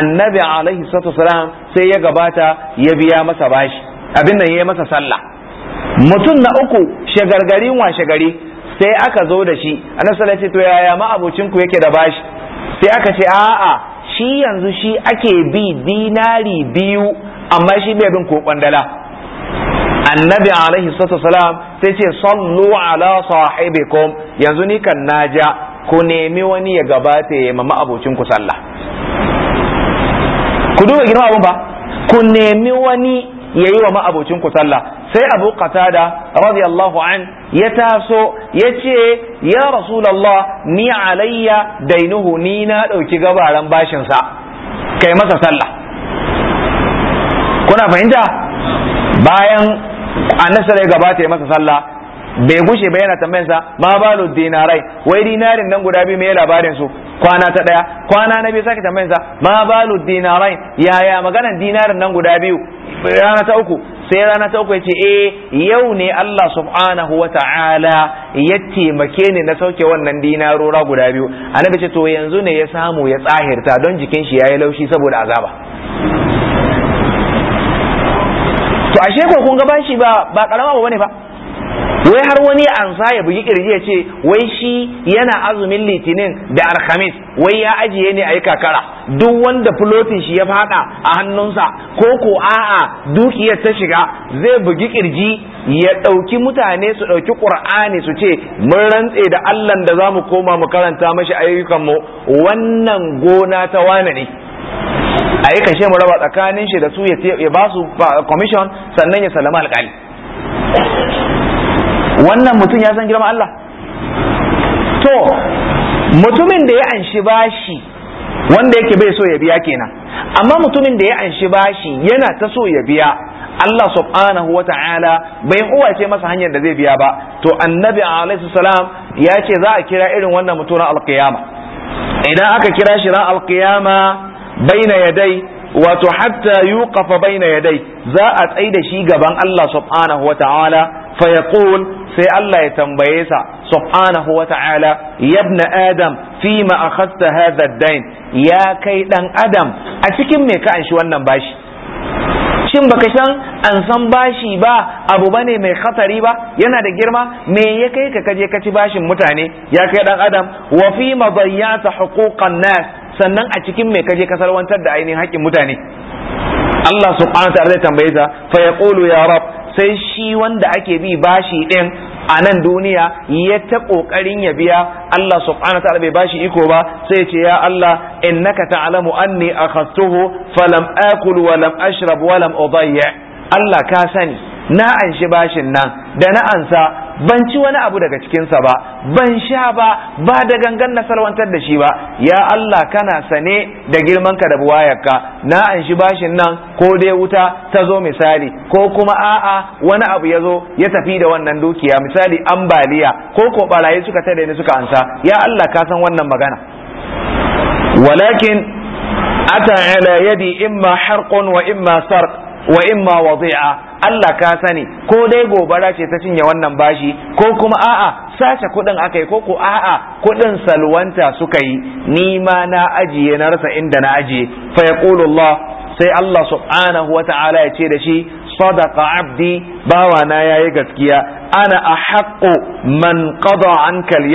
annabi alaihi salatu wasalam sai ya gabata ya biya masa bashi abin nan ya masa sallah mutum na uku shagargarin washe gari sai aka zo da shi annabi sallallahu alaihi to yaya ma'abucin ku yake da bashi sai aka ce a'a shi yanzu shi ake bi dinari biyu amma shi bai bin kokon dala. annabi alaihi salatu wasalam sai ce sallu ala sahibikum yanzu ni kan naja ku nemi wani ya gabata ya mama abocin ku sallah ku duba girma abun ba ku nemi wani ya yi wa ma'abocin ku sallah sai Abu Qatada radiyallahu an ya taso ya ce ya Rasulullah ni alayya dainuhu ni na ɗauki gabaran bashin sa kai masa sallah kuna fahimta bayan annabi sai gabata ya masa sallah bai gushe ba yana tambayan sa ma balu dinarai wai dinarin nan guda biyu me labarin su kwana ta daya kwana na biyu sake tambayan sa ma balu dinarai yaya maganan dinarin nan guda biyu rana ta uku sai rana ta uku yace eh yau ne Allah subhanahu wa ta'ala ya taimake ni na sauke wannan dinarora guda biyu annabi ce to yanzu ne ya samu ya tsahirta don jikin shi yayi laushi saboda azaba to ashe ko kun ga bashi ba ba karama ba bane fa wai har wani ansa ya bugi kirji ya ce wai shi yana azumin litinin da alhamis wai ya ajiye ne a yi kakara duk wanda fulotin shi ya fada a hannunsa ko ko a'a dukiyar ta shiga zai bugi kirji ya ɗauki mutane su ɗauki ƙur'ani su ce mun rantse da allan da za mu koma mu karanta mashi ayyukanmu wannan gona ta wane ne a yi kashe mu raba tsakanin shi da su ya ba su commission sannan ya salama alƙali wannan mutum ya san girman Allah to mutumin da ya anshi bashi wanda yake bai so ya biya kenan amma mutumin da ya anshi bashi yana ta so ya biya Allah subhanahu wa ta'ala bai ce masa hanyar da zai biya ba to annabi alaihi salam ya ce za a kira irin wannan mutum alqiyama idan aka kira shi ran alqiyama baina yadai wato hatta yuqafa baina yadai za a tsaida shi gaban Allah subhanahu wa ta'ala fa yaqul sai Allah ya tambaye sa subhanahu wa ta'ala yabna adam fima ma akhadta hadha ya kai ɗan adam a cikin mai ka anshi wannan bashi shin baka san an san bashi ba abu bane mai khatari ba yana da girma me ya kai ka kaje ka ci bashin mutane ya kai dan adam wa fi ma huquqan nas sannan a cikin me kaje ka salwantar da ainihin haƙƙin mutane Allah subhanahu wa ta'ala zai tambaye ta fa yaqulu ya rab sai shi wanda ake bi bashi ɗin a nan duniya ya ta ƙoƙarin ya biya Allah subhanahu wa ta'ala bai bashi iko ba sai ce ya Allah innaka ta'lamu anni akhadtuhu falam akul walam ashrab wa lam udayya Allah ka sani na anshi bashin nan da na ansa ban ci wani abu daga cikinsa ba ban sha ba ba da gangan na salwantar da shi ba ya Allah kana sane da girman ka da buwayarka na anshi bashin nan ko dai wuta ta zo misali ko kuma a'a wani abu ya zo ya tafi da wannan dukiya misali ambaliya ko ko barayi suka tare ni suka ansa ya Allah ka san wannan magana walakin ata ala yadi imma harqun wa imma sarq wa in ma wadi'a Allah ka sani ko dai gobara ce ta cinye wannan bashi ko kuma a'a sace kuɗin aka yi ko ko a'a kuɗin salwanta suka yi ni ma na ajiye na rasa inda na ajiye fa yaqulu Allah sai Allah subhanahu wa ta'ala ya ce da shi sadaqa abdi bawana yayi gaskiya ana ahaqqu man qada anka al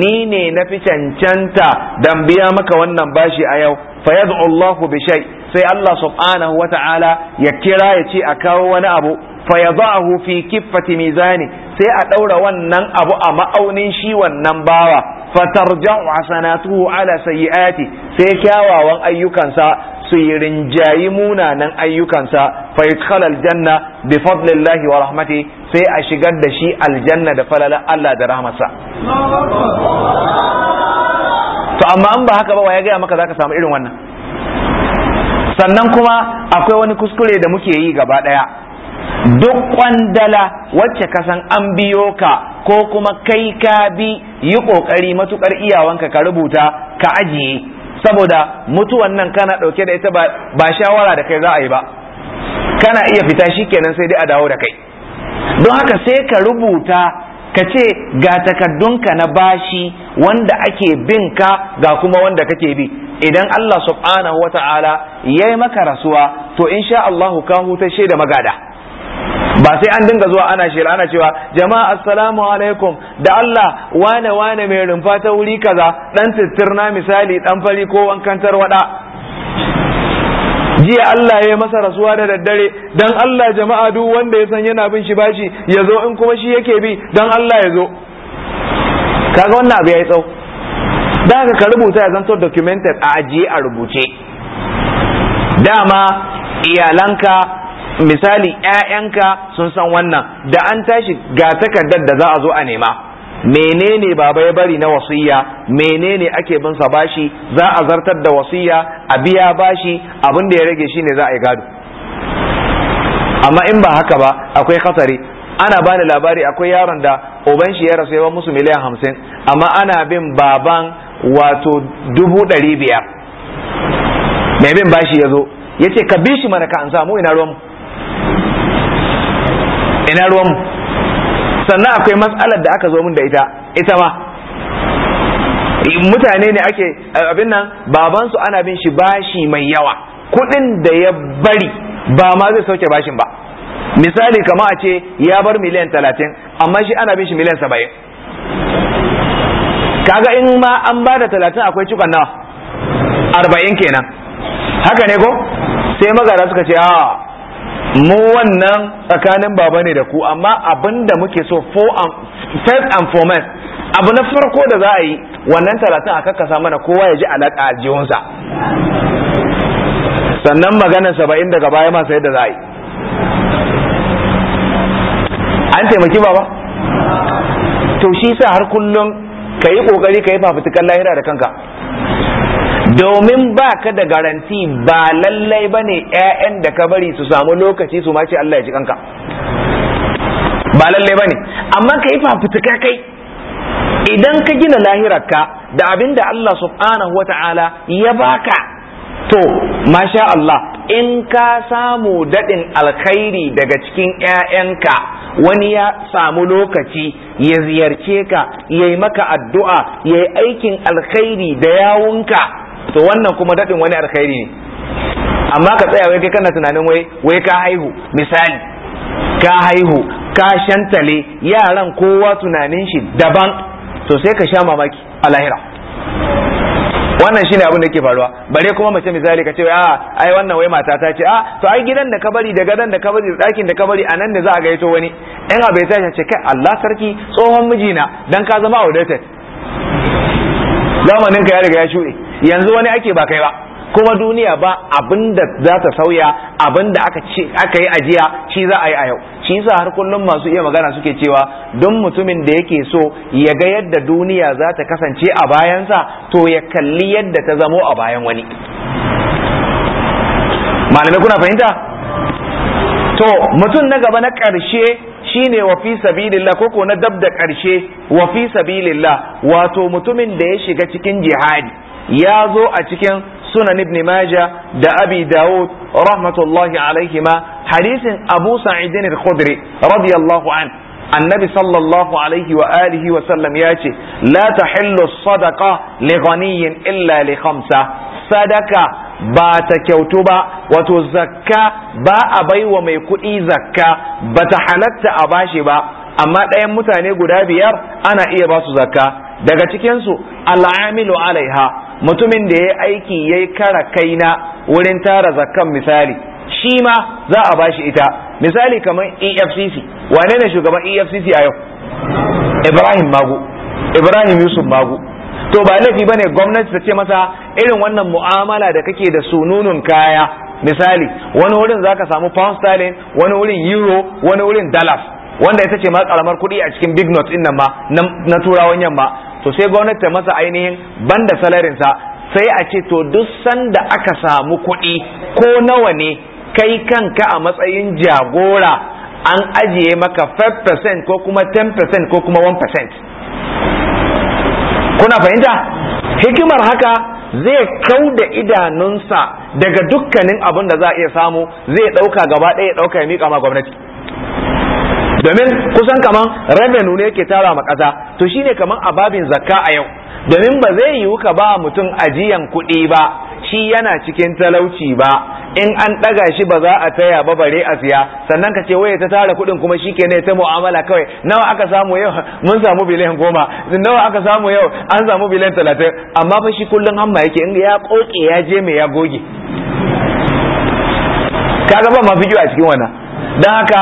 ni ne na fi cancanta dan biya maka wannan bashi a yau fa yad'u bi shay sai Allah subhanahu wata'ala ya kira ya ce a kawo wani abu fa yadahu fi kiffati mizani sai a daura wannan abu a ma'aunin shi wannan bawa fatarja'u hasanatuhu ala sayyiati sai kyawawan ayyukansa su yi rinjayi munanan ayyukansa fa yadkhala aljanna bi fadlillahi wa rahmati sai a shigar da shi aljanna da falala Allah da rahmatsa to amma an ba haka ba ya gaya maka zaka samu irin wannan sannan kuma akwai wani kuskure da muke yi gaba ɗaya. duk ƙwandala wacce ka san an biyo ka ko kuma kai ka bi yi ƙoƙari matuƙar iyawanka ka rubuta ka ajiye saboda mutuwan nan kana dauke da ita ba shawara da kai za a yi ba kana iya fita shi kenan sai dai a dawo da kai don haka sai ka rubuta ka ce ga takaddunka na bashi wanda ake bin ka ga kuma wanda kake bi idan Allah subhanahu wa ya yi maka rasuwa to insha Allahu ka huta da magada ba sai an dinga zuwa ana shira ana cewa jama'a assalamu alaikum da Allah wane wane mai rumfa ta wuri kaza dan tsirna misali dan fari ko wankan tarwada jiya Allah ya masa rasuwa da daddare dan Allah jama'a duk wanda ya san yana bin shi bashi ya zo in kuma shi yake bi dan Allah ya zo kaga wannan abu yayi tsau da haka ka rubuta ya zanto documented a ajiye a rubuce dama iyalanka misali ‘ya'yanka sun san wannan da an tashi ga takardar da za a zo a nema menene baba ya bari na wasiyya menene ake bin sa bashi za a zartar da wasiyya a biya bashi abin da ya rage shine za a yi gado amma in ba haka ba akwai khatari ana bani labari akwai yaron da uban shi ya rasu ya musu miliyan hamsin amma ana bin baban wato dubu ɗari biyar mai bin bashi ya zo ya ce ka bi shi mana ka an samu ina ruwanmu ina ruwan sannan akwai matsalar da aka zo min da ita ita ma mutane ne ake abin nan babansu ana bin shi bashi mai yawa kuɗin da ya bari ba ma zai sauke bashin ba misali kama a ce ya bar miliyan talatin amma shi ana bin shi miliyan saba'in kaga in ma an ba da talatin akwai cikon nawa arba'in kenan haka ne ko sai magara suka ce a mu wannan tsakanin baba ne da ku amma abin da muke so first and foremost abu na farko da za a yi wannan talatin a kakkasa mana kowa ya ji alaƙa a jihunsa sannan maganar saba'in daga baya masu yadda za a yi an taimaki baba to shi sa har kullum ka yi ƙoƙari ka yi fafutukan lahira da kanka domin ba ka da garanti ba lallai ba ne 'ya'yan da ka bari su samu lokaci su mace Allah ya ji kanka ba lallai ba ne amma ka yi fafutuka kai idan ka gina lahirarka da abin da Allah subhanahu wa ta'ala ya baka to masha Allah in ka samu daɗin alkhairi daga cikin 'ya'yanka wani ya samu lokaci ya ziyarce ka ya yi maka addu'a ya yi aikin alkhairi da yawunka to wannan kuma daɗin wani alkhairi ne amma ka tsaya wai kai kana tunanin wai wai ka haihu misali ka haihu ka shantale yaran kowa tunanin shi daban to sai ka sha mamaki a lahira wannan shine abin da ke faruwa bare kuma mace misali ka ce a ah, ai wannan wai mata ta ce a ah, to ai gidan da ka bari da gadan da ka bari da dakin da ka bari anan da za a gaito wani in abai ta ce kai Allah sarki tsohon mijina dan ka zama audited. zamanin ka ya riga ya shuɗe yanzu wani ake ba kai ba kuma duniya ba abinda za ta sauya abinda aka aka yi ajiya shi za a yi a yau shi yasa har kullum masu iya magana suke cewa don mutumin da yake so ya ga yadda duniya za ta kasance a bayansa to ya kalli yadda ta zamo a bayan wani malamai kuna fahimta to mutum na gaba na ƙarshe shine wa fi sabilillah koko na dab da karshe wa fi sabilillah wato mutumin da ya shiga cikin jihadi ya zo a cikin sunan ibn Maja da abi Dawud rahmatullahi alaihima hadisin abu sa'id al-khudri radiyallahu an annabi sallallahu alaihi wa alihi wa sallam ya ce la tahillu sadaqa li ghaniyin illa li khamsa sadaka ba ta kyautu ba wato zakka ba a baiwa mai kuɗi zakka ba ta halatta a bashi ba amma ɗayan mutane guda biyar ana iya ba su zakka daga cikinsu al'amilu alaiha mutumin da ya aiki ya yi kara kaina wurin tara zakkan misali shi ma za a bashi ita misali kamar efcc wane ne shugaban efcc a yau ibrahim magu ibrahim yusuf magu to ba laifi ne gwamnati ta ce masa irin wannan mu'amala da kake da sununun kaya misali wani wurin zaka samu pound sterling wani wurin euro wani wurin dollar wanda ita ce ma karamar kuɗi a cikin big note din ma na turawan yamma to sai gwamnati ta masa ainihin banda salarin sa sai a ce to duk sanda aka samu kuɗi ko nawa ne kai kanka a matsayin jagora an ajiye maka 5% ko kuma 10% ko kuma 1% kuna fahimta hikimar haka zai kau da idanunsa daga dukkanin abin da za a iya samu zai ɗauka gaba ɗaya ɗauka ya miƙa ma gwamnati domin kusan kaman revenu ne yake tara ma ƙasa to shine kaman ababin zakka a yau domin ba zai yiwu ka ba mutum ajiyan kuɗi ba shi yana cikin talauci ba in an ɗaga shi ba za a taya ba bare a siya sannan ka ce waye ta tara kuɗin kuma shi kenan ta mu'amala kawai nawa aka samu yau <laughs> mun samu biliyan goma nawa aka samu yau an samu biliyan talatin amma fa shi kullum hamma yake in ya koke ya je mai ya goge kaga ba mafi a cikin wannan dan haka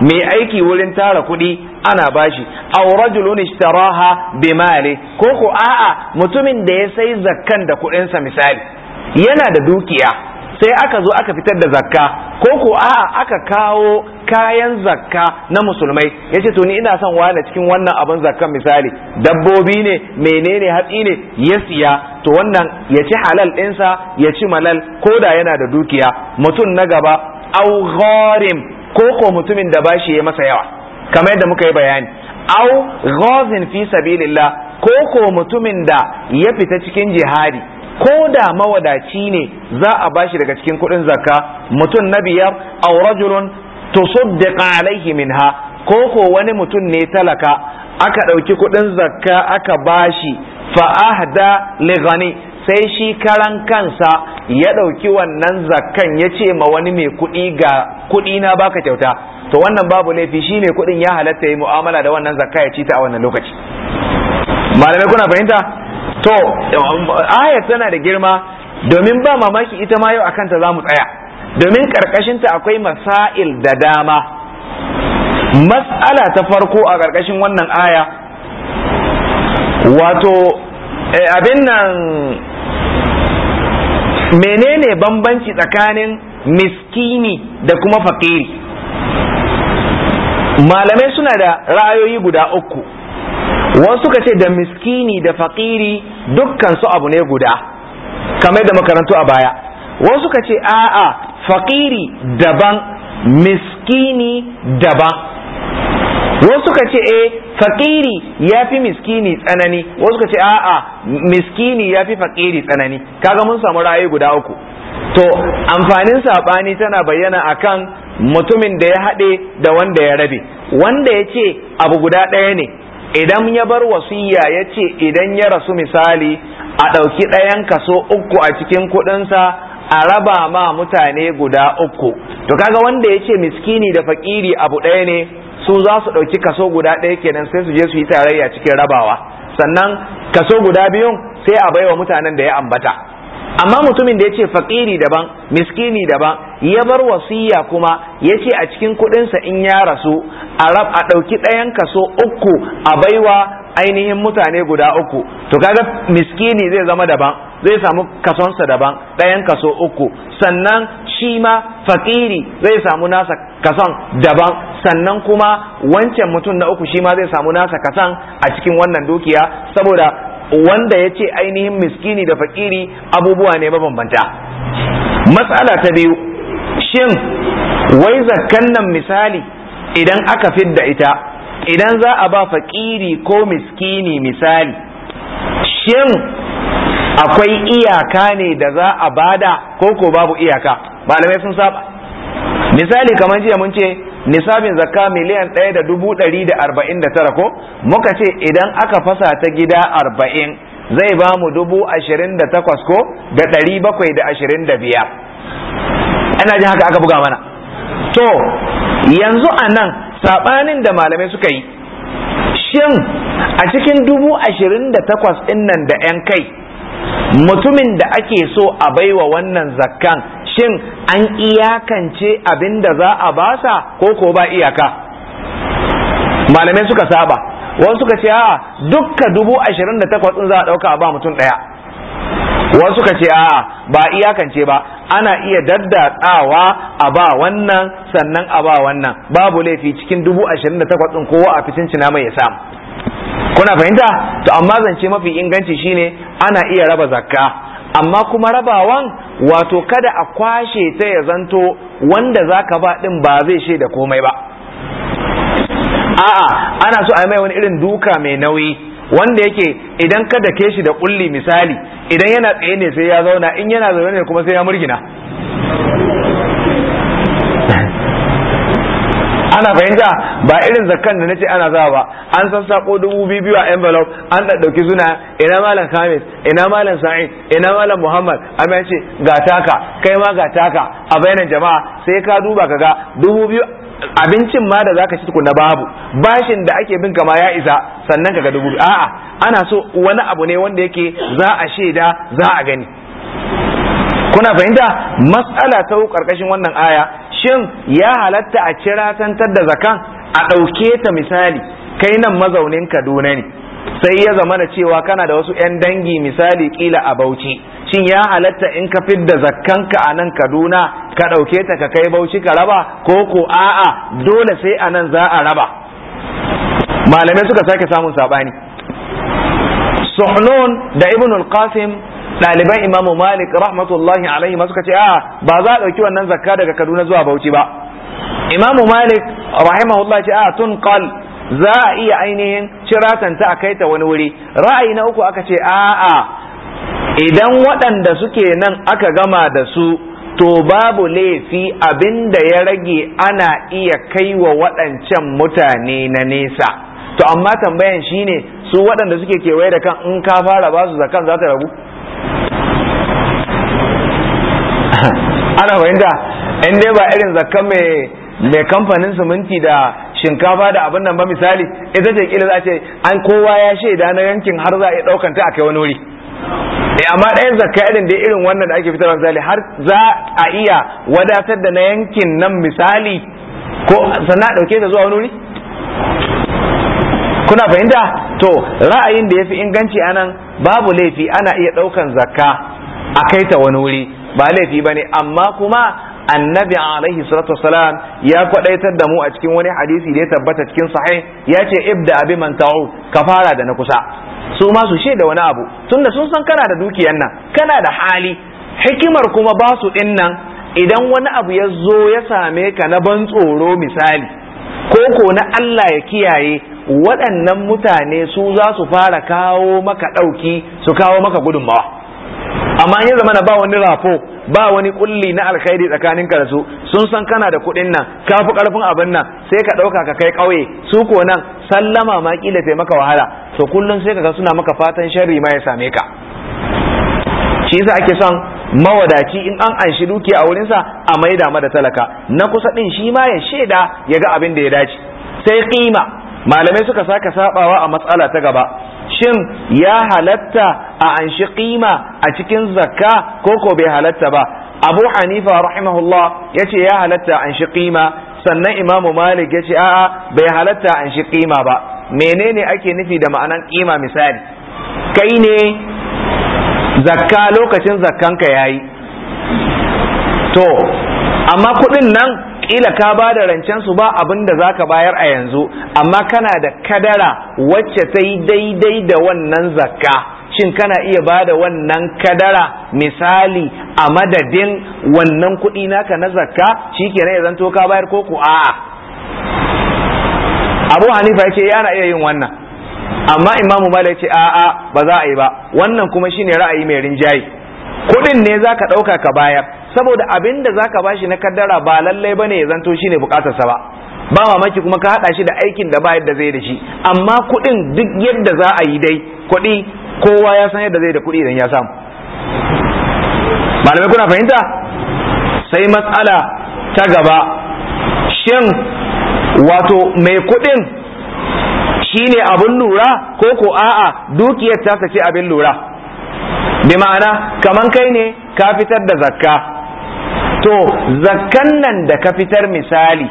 mai aiki wurin tara kuɗi ana bashi aw rajulun ishtaraha bi mali ko ko a'a mutumin da ya sai zakkan da kuɗinsa misali yana da dukiya sai aka zo aka fitar da zakka ko ko a'a aka kawo kayan zakka na musulmai yace to ni ina son wani cikin wannan abin zakkan misali dabbobi ne menene hatsi ne ya siya to wannan ya ci halal ɗinsa ya ci malal ko da yana da dukiya mutum na gaba au gharim ko ko mutumin da bashi ya masa yawa kamar yadda muka yi bayani au ghazin fi sabilillah ko ko mutumin da ya fita cikin jihadi ko da mawadaci ne za a bashi daga cikin kuɗin zakka mutum na biyar aw rajulun alaihi minha ko ko wani mutum ne talaka aka ɗauki kuɗin zakka aka bashi fa ahda li ghani sai shi karan kansa ya ɗauki wannan zakkan ya ce ma wani mai kuɗi ga kuɗi na baka kyauta to wannan babu laifi shi mai kuɗin ya halatta yi mu'amala da wannan zakka ya ci ta a wannan lokaci malamai kuna fahimta to ayar tana da girma domin ba mamaki ita ma yau akan ta za mu tsaya domin karkashinta akwai masail da dama mas'ala ta farko a karkashin wannan aya wato eh, abin nan menene bambanci tsakanin miskini da kuma fakiri malamai suna da ra'ayoyi guda uku wasu kace ce da miskini da fakiri dukkan su abu ne guda kamar da makarantu a baya wasu kace ce a'a fakiri daban miskini daban wasu kace ce eh fakiri ya fi miskini tsanani wasu kace ce a'a miskini ya fi fakiri tsanani kaga mun samu rayu guda uku to amfanin saɓani tana bayyana akan mutumin da ya haɗe da wanda ya rabe wanda ya ce abu guda ɗaya ne idan ya bar wasiya ya ce idan ya rasu misali a ɗauki ɗayan kaso uku a cikin kuɗinsa a raba ma mutane guda uku to kaga wanda ya ce miskini da fakiri abu ɗaya ne su za su ɗauki kaso guda ɗaya kenan sai su je su yi tarayya cikin rabawa sannan kaso guda biyun sai a baiwa mutanen da ya ambata amma mutumin da ya ce faƙiri daban miskini daban ya bar wasiya kuma ya ce a cikin kuɗinsa in ya rasu a rab a ɗauki ɗayan kaso uku a baiwa ainihin mutane guda uku to kaga miskini zai zama daban zai samu kasonsa daban ɗayan kaso uku sannan shi ma fakiri zai samu nasa kason daban sannan kuma wancan mutum na uku shi ma zai samu nasa kason a cikin wannan dukiya saboda wanda ya ce ainihin miskini da fakiri abubuwa ne mabambanta matsala ta biyu shin wai zakkan nan misali idan aka fidda ita idan za a ba fakiri ko miskini misali shin akwai iyaka ne da za a bada ko ko babu iyaka malamai sun saba misali kamar jiya mun ce nisabin zakka miliyan ɗaya da dubu ɗari da arba'in da tara ko muka ce idan aka fasa ta gida arba'in zai ba mu dubu ashirin da takwas ko da ɗari bakwai da ashirin da biyar ana jin haka aka buga mana to yanzu a nan saɓanin da malamai suka yi shin a cikin dubu ashirin da takwas ɗin nan da 'yan kai mutumin da ake so a baiwa wannan zakkan shin an iyakance abin da za a basa ko ko ba iyaka malamai suka saba wasu suka ce a dukka dubu ashirin da takwas za a ɗauka ba mutum ɗaya wasu suka ce a ba iyakance ba ana iya daddatsawa a ba wannan sannan a ba wannan babu laifi cikin dubu ashirin da takwas ɗin kowa a cina mai ya samu kuna fahimta to amma zance mafi inganci shine ana iya raba zakka amma kuma rabawan wato kada a kwashe ta ya zanto wanda za ka ba ɗin ba zai shaida komai ba a'a ana so a mai wani irin duka mai nauyi wanda yake idan ka dake shi da kulli misali idan yana tsaye ne sai ya zauna in yana zaune ne kuma sai ya murgina ana fahimta ba irin zakkan da nace ana zawa ba an san sako dubu biyu biyu a envelope an da dauki suna ina malam Khamis ina malam Sa'id ina malam Muhammad amma yace ga taka kai ma ga taka a bainan jama'a sai ka duba kaga dubu biyu abincin ma da zaka ci na babu bashin da ake bin kama ya isa sannan kaga dubu biyu a'a ana so wani abu ne wanda yake za a shaida za a gani kuna fahimta mas'ala ta karkashin wannan aya shin ya halatta a tantar da zakan a ɗauke ta misali kai nan mazaunin kaduna ne sai ya zama da cewa kana da wasu 'yan dangi misali kila a bauchi shin ya halatta in ka fidda ka a nan kaduna ka ɗauke ta ka kai bauchi ka raba ko ko a'a dole sai a nan za a raba malamai suka sake samun saɓani suhnun da ibn al-qasim ɗaliban imamu malik rahmatullahi alaihi suka ce a ah, ba za a ɗauki wannan zakka daga kaduna zuwa bauchi ba imamu malik rahimahullahi ce a ah, tun qal za a iya ainihin ciratanta a kaita wani wuri ra'ayi na uku aka ce a'a idan waɗanda suke nan aka gama da su to babu laifi abinda ya rage ana iya kai wa waɗancan mutane na nesa to amma tambayan shine su waɗanda suke kewaye da kan in ka fara ba su zakan za ta ragu <laughs> ana fahimta in dai ba irin zakka mai kamfanin siminti da shinkafa da abin nan ba misali ita ce kila za ce an kowa ya shaida na yankin har za a iya ɗaukanta a kai wani wuri e amma ɗayan zakka irin da irin wannan da ake fitarwa misali har za a iya wadatar da na yankin nan misali ko sana dauke ɗauke ta zuwa wani wuri kuna fahimta to ra'ayin da ya fi inganci anan babu laifi ana iya ɗaukan zakka a kaita wani wuri ba laifi ba ne amma kuma annabi alaihi salatu wasalam ya kwadaitar da mu a cikin wani hadisi da ya tabbata cikin sahih ya ce ibda abi man ta'u ka fara da na kusa su ma su da wani abu tunda sun san kana da dukiyan nan kana da hali hikimar kuma ba su din idan wani abu ya zo ya same ka na ban tsoro misali ko ko na Allah ya kiyaye waɗannan mutane su za su fara kawo maka ɗauki su kawo maka gudunmawa amma in ya zama na ba wani rafo ba wani ƙulli na alkhairi tsakanin ka su sun san kana da kuɗin nan ka fi ƙarfin abin nan sai ka ɗauka ka kai ƙauye su ko nan sallama ma kila sai maka wahala to kullum sai kaga suna maka fatan sharri ma ya same ka shi yasa ake son mawadaci in an anshi dukiya a wurinsa a maida da talaka na kusa ɗin shi ma ya shaida ya ga abin da ya dace sai kima malamai suka saka sabawa a matsala ta gaba shin ya halatta a anshi kima a cikin zakka ko ko bai halatta ba abu hanifa rahimahullah ya ce ya halatta a anshi kima sannan imamu malik ya ce a'a bai halatta a anshi kima ba menene ake nufi da ma'anan kima misali kai ne zakka lokacin zakkanka yayi to amma kuɗin nan kila ka ba da rancen su ba abin da zaka bayar a yanzu amma kana da kadara wacce ta yi daidai da wannan zakka shin kana iya ba da wannan kadara misali a madadin wannan kuɗi naka na zakka shikenan ya zanto ka bayar ko ku a'a abu hanifa ya ce yana eh, iya yin wannan amma imamu mala ya ce a'a ba za a yi ba wannan kuma shine ra'ayi mai rinjaye kuɗin ne za ka ɗauka ka bayar saboda abin da zaka bashi na kaddara ba lallai ba ne ya zanto shi shine bukatarsa ba ba mamaki kuma ka hada shi da aikin da ba yadda zai da shi amma kuɗin duk yadda za a yi dai kuɗi kowa ya san yadda zai da kuɗi idan ya samu malamai kuna fahimta sai matsala ta gaba shin wato mai kuɗin shine abin lura ko ko a'a dukiyar ta ce abin lura bi ma'ana kaman kai ne ka fitar da zakka to zakkan nan da ka fitar misali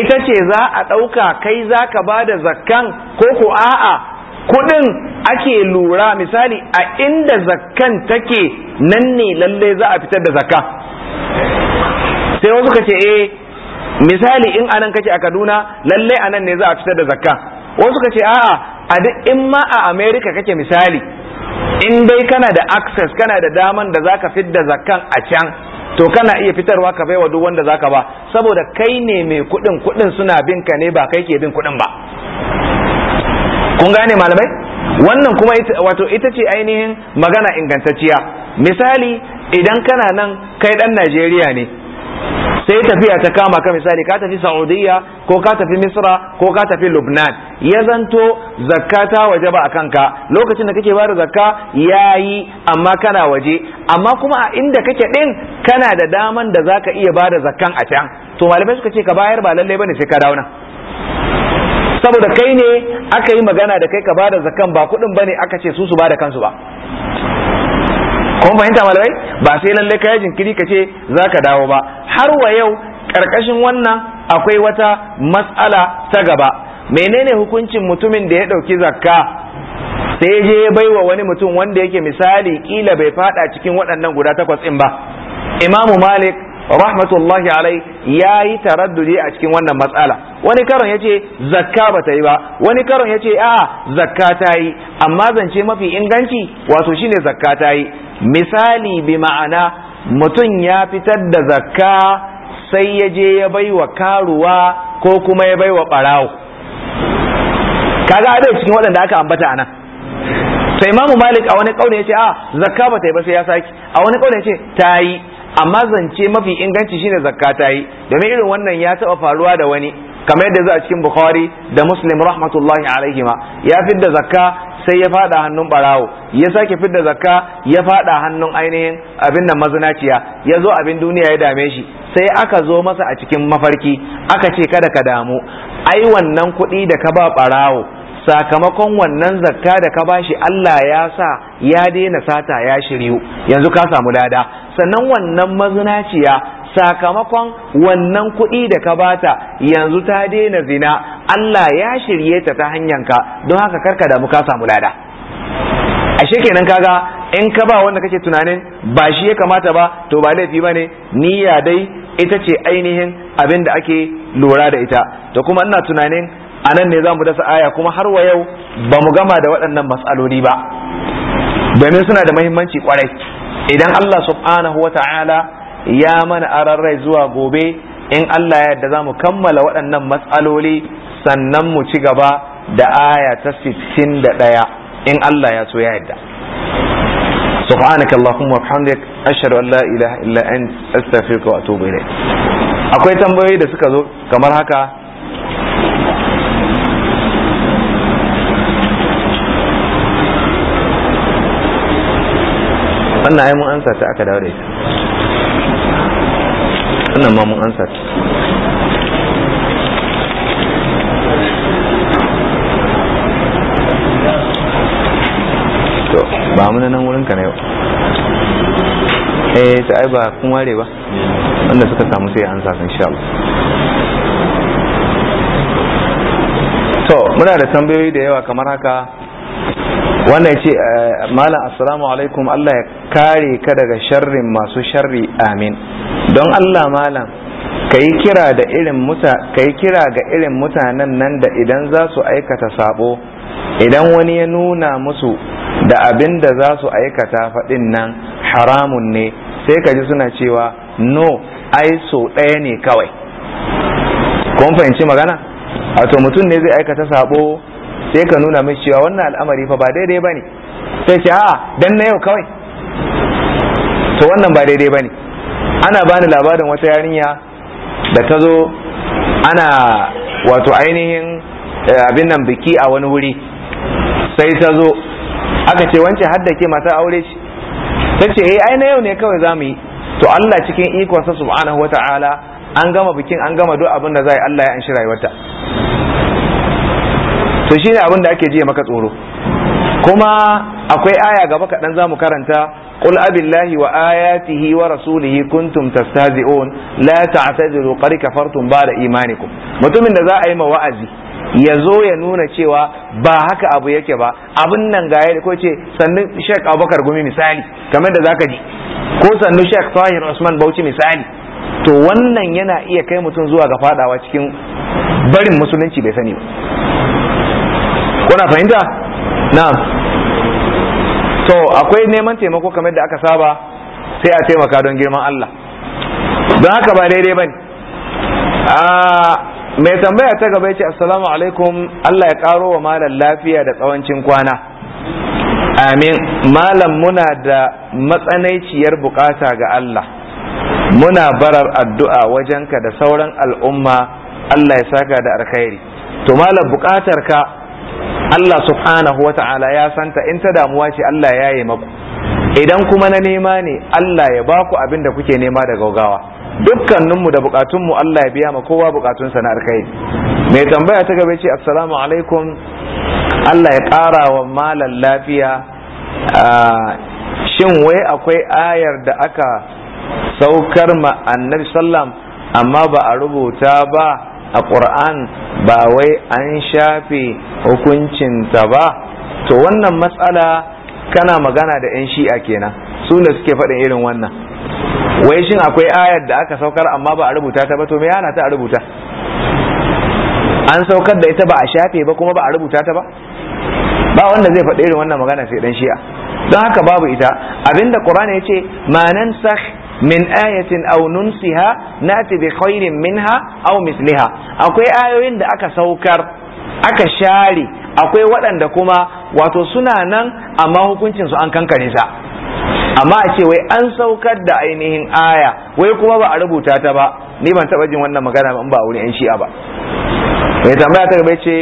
ita ce za a ɗauka kai za ka ba da zakkan ko ko a'a kuɗin ake lura misali a inda zakkan take nan ne lalle za a fitar da zakka sai wasu kace eh misali in anan kace a kaduna lalle anan ne za a fitar da zakka wasu ka a'a a duk in ma a america kake misali in dai kana da access kana da daman da zaka da zakkan a can to kana iya fitarwa ka baiwa duk wanda zaka ba saboda kai ne mai kuɗin kuɗin suna bin ka ne ba kai ke bin kuɗin ba kun gane malamai wannan kuma wato ita ce ainihin magana ingantacciya misali idan kana nan kai dan Najeriya ne sai tafiya ta kama ka misali ka tafi saudiya ko ka tafi misra ko ka tafi lubnan ya zanto zakka ta waje ba a kanka lokacin da kake bada zakka ya yi, amma kana waje amma kuma a inda kake din kana da daman da zaka iya bada zakkan a can to malamai suka ce ka bayar ba lalle bane sai ka dawo saboda kai ne aka yi magana da kai ka bada zakkan ba kuɗin bane aka ce su su bada kansu ba kun fahimta malamai ba sai lalle ka jinkiri ka ce za ka dawo ba har wa yau karkashin wannan akwai wata matsala ta gaba menene hukuncin mutumin da ya ɗauki zakka sai je ya baiwa wani mutum wanda yake misali kila bai fada cikin waɗannan guda takwas ɗin ba imamu malik rahmatullahi alai ya yi taraddudi a cikin wannan matsala wani karon ya ce zakka ba ta yi ba wani karon ya ce a zakka ta yi amma zance mafi inganci wato shine zakka ta yi misali bi ma'ana mutum ya fitar da zakka sai ya je ya bai wa karuwa ko kuma ya bai wa barawo kaga adai cikin waɗanda aka ambata a nan sai imamu malik a wani kaulin ya ce a zakka ba ta yi ba sai ya saki a wani kaulin ya ce ta yi amma zance mafi inganci shine zakka ta yi domin irin wannan ya taɓa faruwa da wani kamar yadda za a cikin bukhari da muslim rahmatullahi alaihima ya fidda zakka sai ya fada hannun barawo ya sake fidda zakka ya fada hannun ainihin abin nan mazinaciya ya zo abin duniya ya dame shi sai aka zo masa a cikin mafarki aka ce kada ka damu ai wannan kuɗi da ka ba barawo sakamakon wannan zakka da ka bashi Allah ya sa ya daina sata ya shiryu yanzu ka samu dada sannan wannan mazinaciya sakamakon wannan kuɗi da ka bata yanzu ta daina zina Allah ya shirye ta ta ka don haka karka damu ka samu dada. ashe kenan kaga in ka ba wanda kake tunanin ba shi ya kamata ba to ba laifi ba ne niyya dai ita ce ainihin abin da ake lura da ita to kuma ina tunanin a nan ne za mu dasa aya kuma har wa yau ba mu gama da waɗannan matsaloli ba domin suna da mahimmanci kwarai idan Allah subhanahu wa ta'ala ya mana aran rai zuwa gobe in Allah ya yarda za mu kammala waɗannan matsaloli sannan mu ci gaba da aya ta 61 in Allah ya so ya yarda سبحانك اللهم وبحمدك أشهد أن لا إله إلا أنت أستغفرك وأتوب إليك akwai tambayoyi da suka zo kamar haka wannan ai mun ansa ta aka dawo da ita wannan ma mun ansa ta to ba mu nan wurin ka na yau eh ta ai ba kun ware ba wanda suka samu sai an sa insha Allah to muna da tambayoyi da yawa kamar haka wannan ce eh, malam assalamu alaikum Allah ya kare ka daga sharrin masu sharri amin don Allah malam ka yi kira da irin muta ka kira ga irin mutanen nan da idan za su aikata sabo idan wani ya nuna musu da abin da za su aikata faɗin nan haramun ne sai ka ji suna cewa no ai so ɗaya ne kawai kun fahimci magana wato mutum ne zai aikata sabo sai ka nuna min cewa wannan al'amari fa ba daidai ba ne sai ce a dan na yau kawai to wannan ba daidai ba ne ana bani labarin wata yarinya da ta zo ana wato ainihin eh, abin nan biki a wani wuri sai ta zo aka ce wance hadda ke mata aure ce ta ce eh ai na yau ne kawai za yi to Allah cikin ikonsa subhanahu wata'ala an gama bikin an gama duk abin da zai Allah ya anshi rayuwarta to shine abin da ake jiya maka tsoro kuma akwai aya gaba kaɗan za mu karanta قل wa الله وآياته ورسوله كنتم تستهزئون لا تعتذروا قد كفرتم بعد إيمانكم mutumin da za a yi ma wa'azi ya zo ya nuna cewa ba haka abu yake ba abin nan gaya ko ce sannu sheikh abubakar gumi misali kamar da zaka ji ko sannu sheikh fahir usman bauchi misali to wannan yana iya kai mutum zuwa ga fadawa cikin barin musulunci bai sani ba kuna fahimta na'am so akwai neman taimako kamar da aka saba sai a taimaka don girman Allah don haka ba daidai bane mai tambaya ta gaba ce assalamu alaikum Allah ya karo wa malam lafiya da tsawancin kwana amin malam muna da matsanaiciyar bukata ga Allah muna barar addu'a wajenka da sauran al'umma Allah ya saka da alkhairi to malam bukatar ka Allah subhanahu wata'ala ya santa in ta damuwa ce Allah ya yi maku idan kuma na nema ne Allah ya baku abin da kuke nema da gaugawa dukkaninmu da bukatunmu Allah ya biya ma kowa bukatunsa na alkhairi mai tambaya ta gaba ce assalamu alaikum Allah ya ƙara wa malan lafiya shin wai akwai ayar da aka saukar ma annabi sallam amma ba a rubuta ba a ƙur'an ba wai an shafe hukuncin ta ba to wannan matsala kana magana da 'yan shi'a kenan su ne suke faɗin irin wannan wai shin akwai ayar da aka saukar amma ba a rubuta ta ba to me yana ta a rubuta an saukar da ita ba a shafe ba kuma ba a rubuta ta ba ba wanda zai faɗi irin wannan magana sai dan shi'a don haka babu ita abinda qur'ani ya ce ma nansakh min ayatin aw nunsiha nati bi khairin minha aw misliha akwai ayoyin da aka saukar aka share akwai waɗanda kuma wato suna nan amma hukuncin su an kankare sa amma a ce wai an saukar da ainihin aya wai kuma ba a rubuta ta ba ni ban taɓa jin wannan magana ba in ba a wurin 'yan shi'a ba mai tambaya ta gaba ce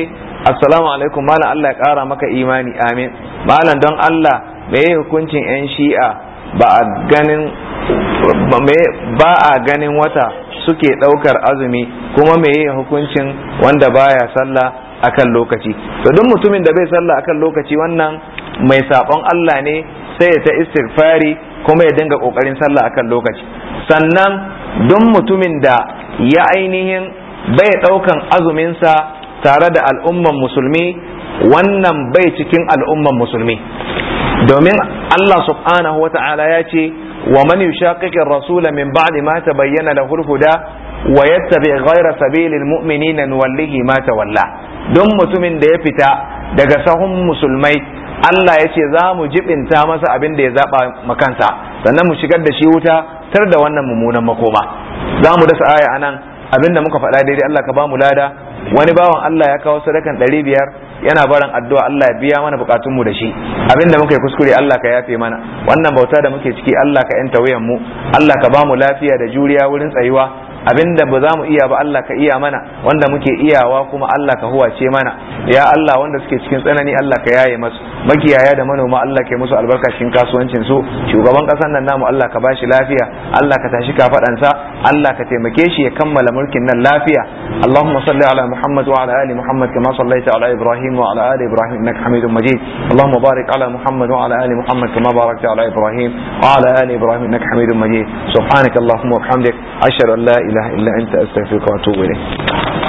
assalamu alaikum malam Allah ya kara maka imani amin malam don Allah me hukuncin yan shi'a ba a ganin ba a ganin wata suke ɗaukar azumi kuma meye hukuncin wanda baya sallah akan lokaci to duk mutumin da bai sallah akan lokaci wannan mai saɓon Allah ne sai ya ta istighfari kuma ya dinga kokarin sallah akan lokaci sannan duk mutumin da ya ainihin bai ɗaukan azuminsa tare da al'umman musulmi wannan bai cikin al'umman musulmi domin Allah subhanahu wata'ala ya ce ومن يشاقق الرسول من بعد ما تبين له الهدى ويتبع غير سبيل المؤمنين نوله ما تولى دم da ya fita daga sahun musulmai Allah ya ce za mu jibinta masa abin da ya zaba makansa sannan mu shigar da shi wuta tar da wannan mummunan makoma za mu dasa aya anan abin da muka faɗa daidai Allah ka ba mu lada wani bawan Allah ya kawo sadakan ɗari biyar yana barin addu'a Allah ya biya mana bukatun mu da shi abinda muka yi kuskure Allah ka yafe mana wannan bauta da muke ciki Allah ka yanta wuyan mu Allah ka ba mu lafiya da juriya wurin tsayuwa abinda ba za mu iya ba Allah ka iya mana wanda muke iyawa kuma Allah ka huwace mana ya Allah wanda suke cikin tsanani Allah ka yaye masu makiyaya da manoma Allah ka yi musu albarka cikin kasuwancin su shugaban kasan nan namu Allah ka bashi lafiya Allah ka tashi kafadansa Allah ka taimake shi ya kammala mulkin nan lafiya Allahumma salli ala Muhammad wa ala Muhammad kama sallaita ala wa ala ali Ibrahim innaka Hamidum Allahumma barik ala Muhammad wa ala Muhammad kama barakta ala wa ala ali Ibrahim innaka Hamidum Majid subhanakallahumma wa إله إلا أنت أستغفرك وأتوب إليك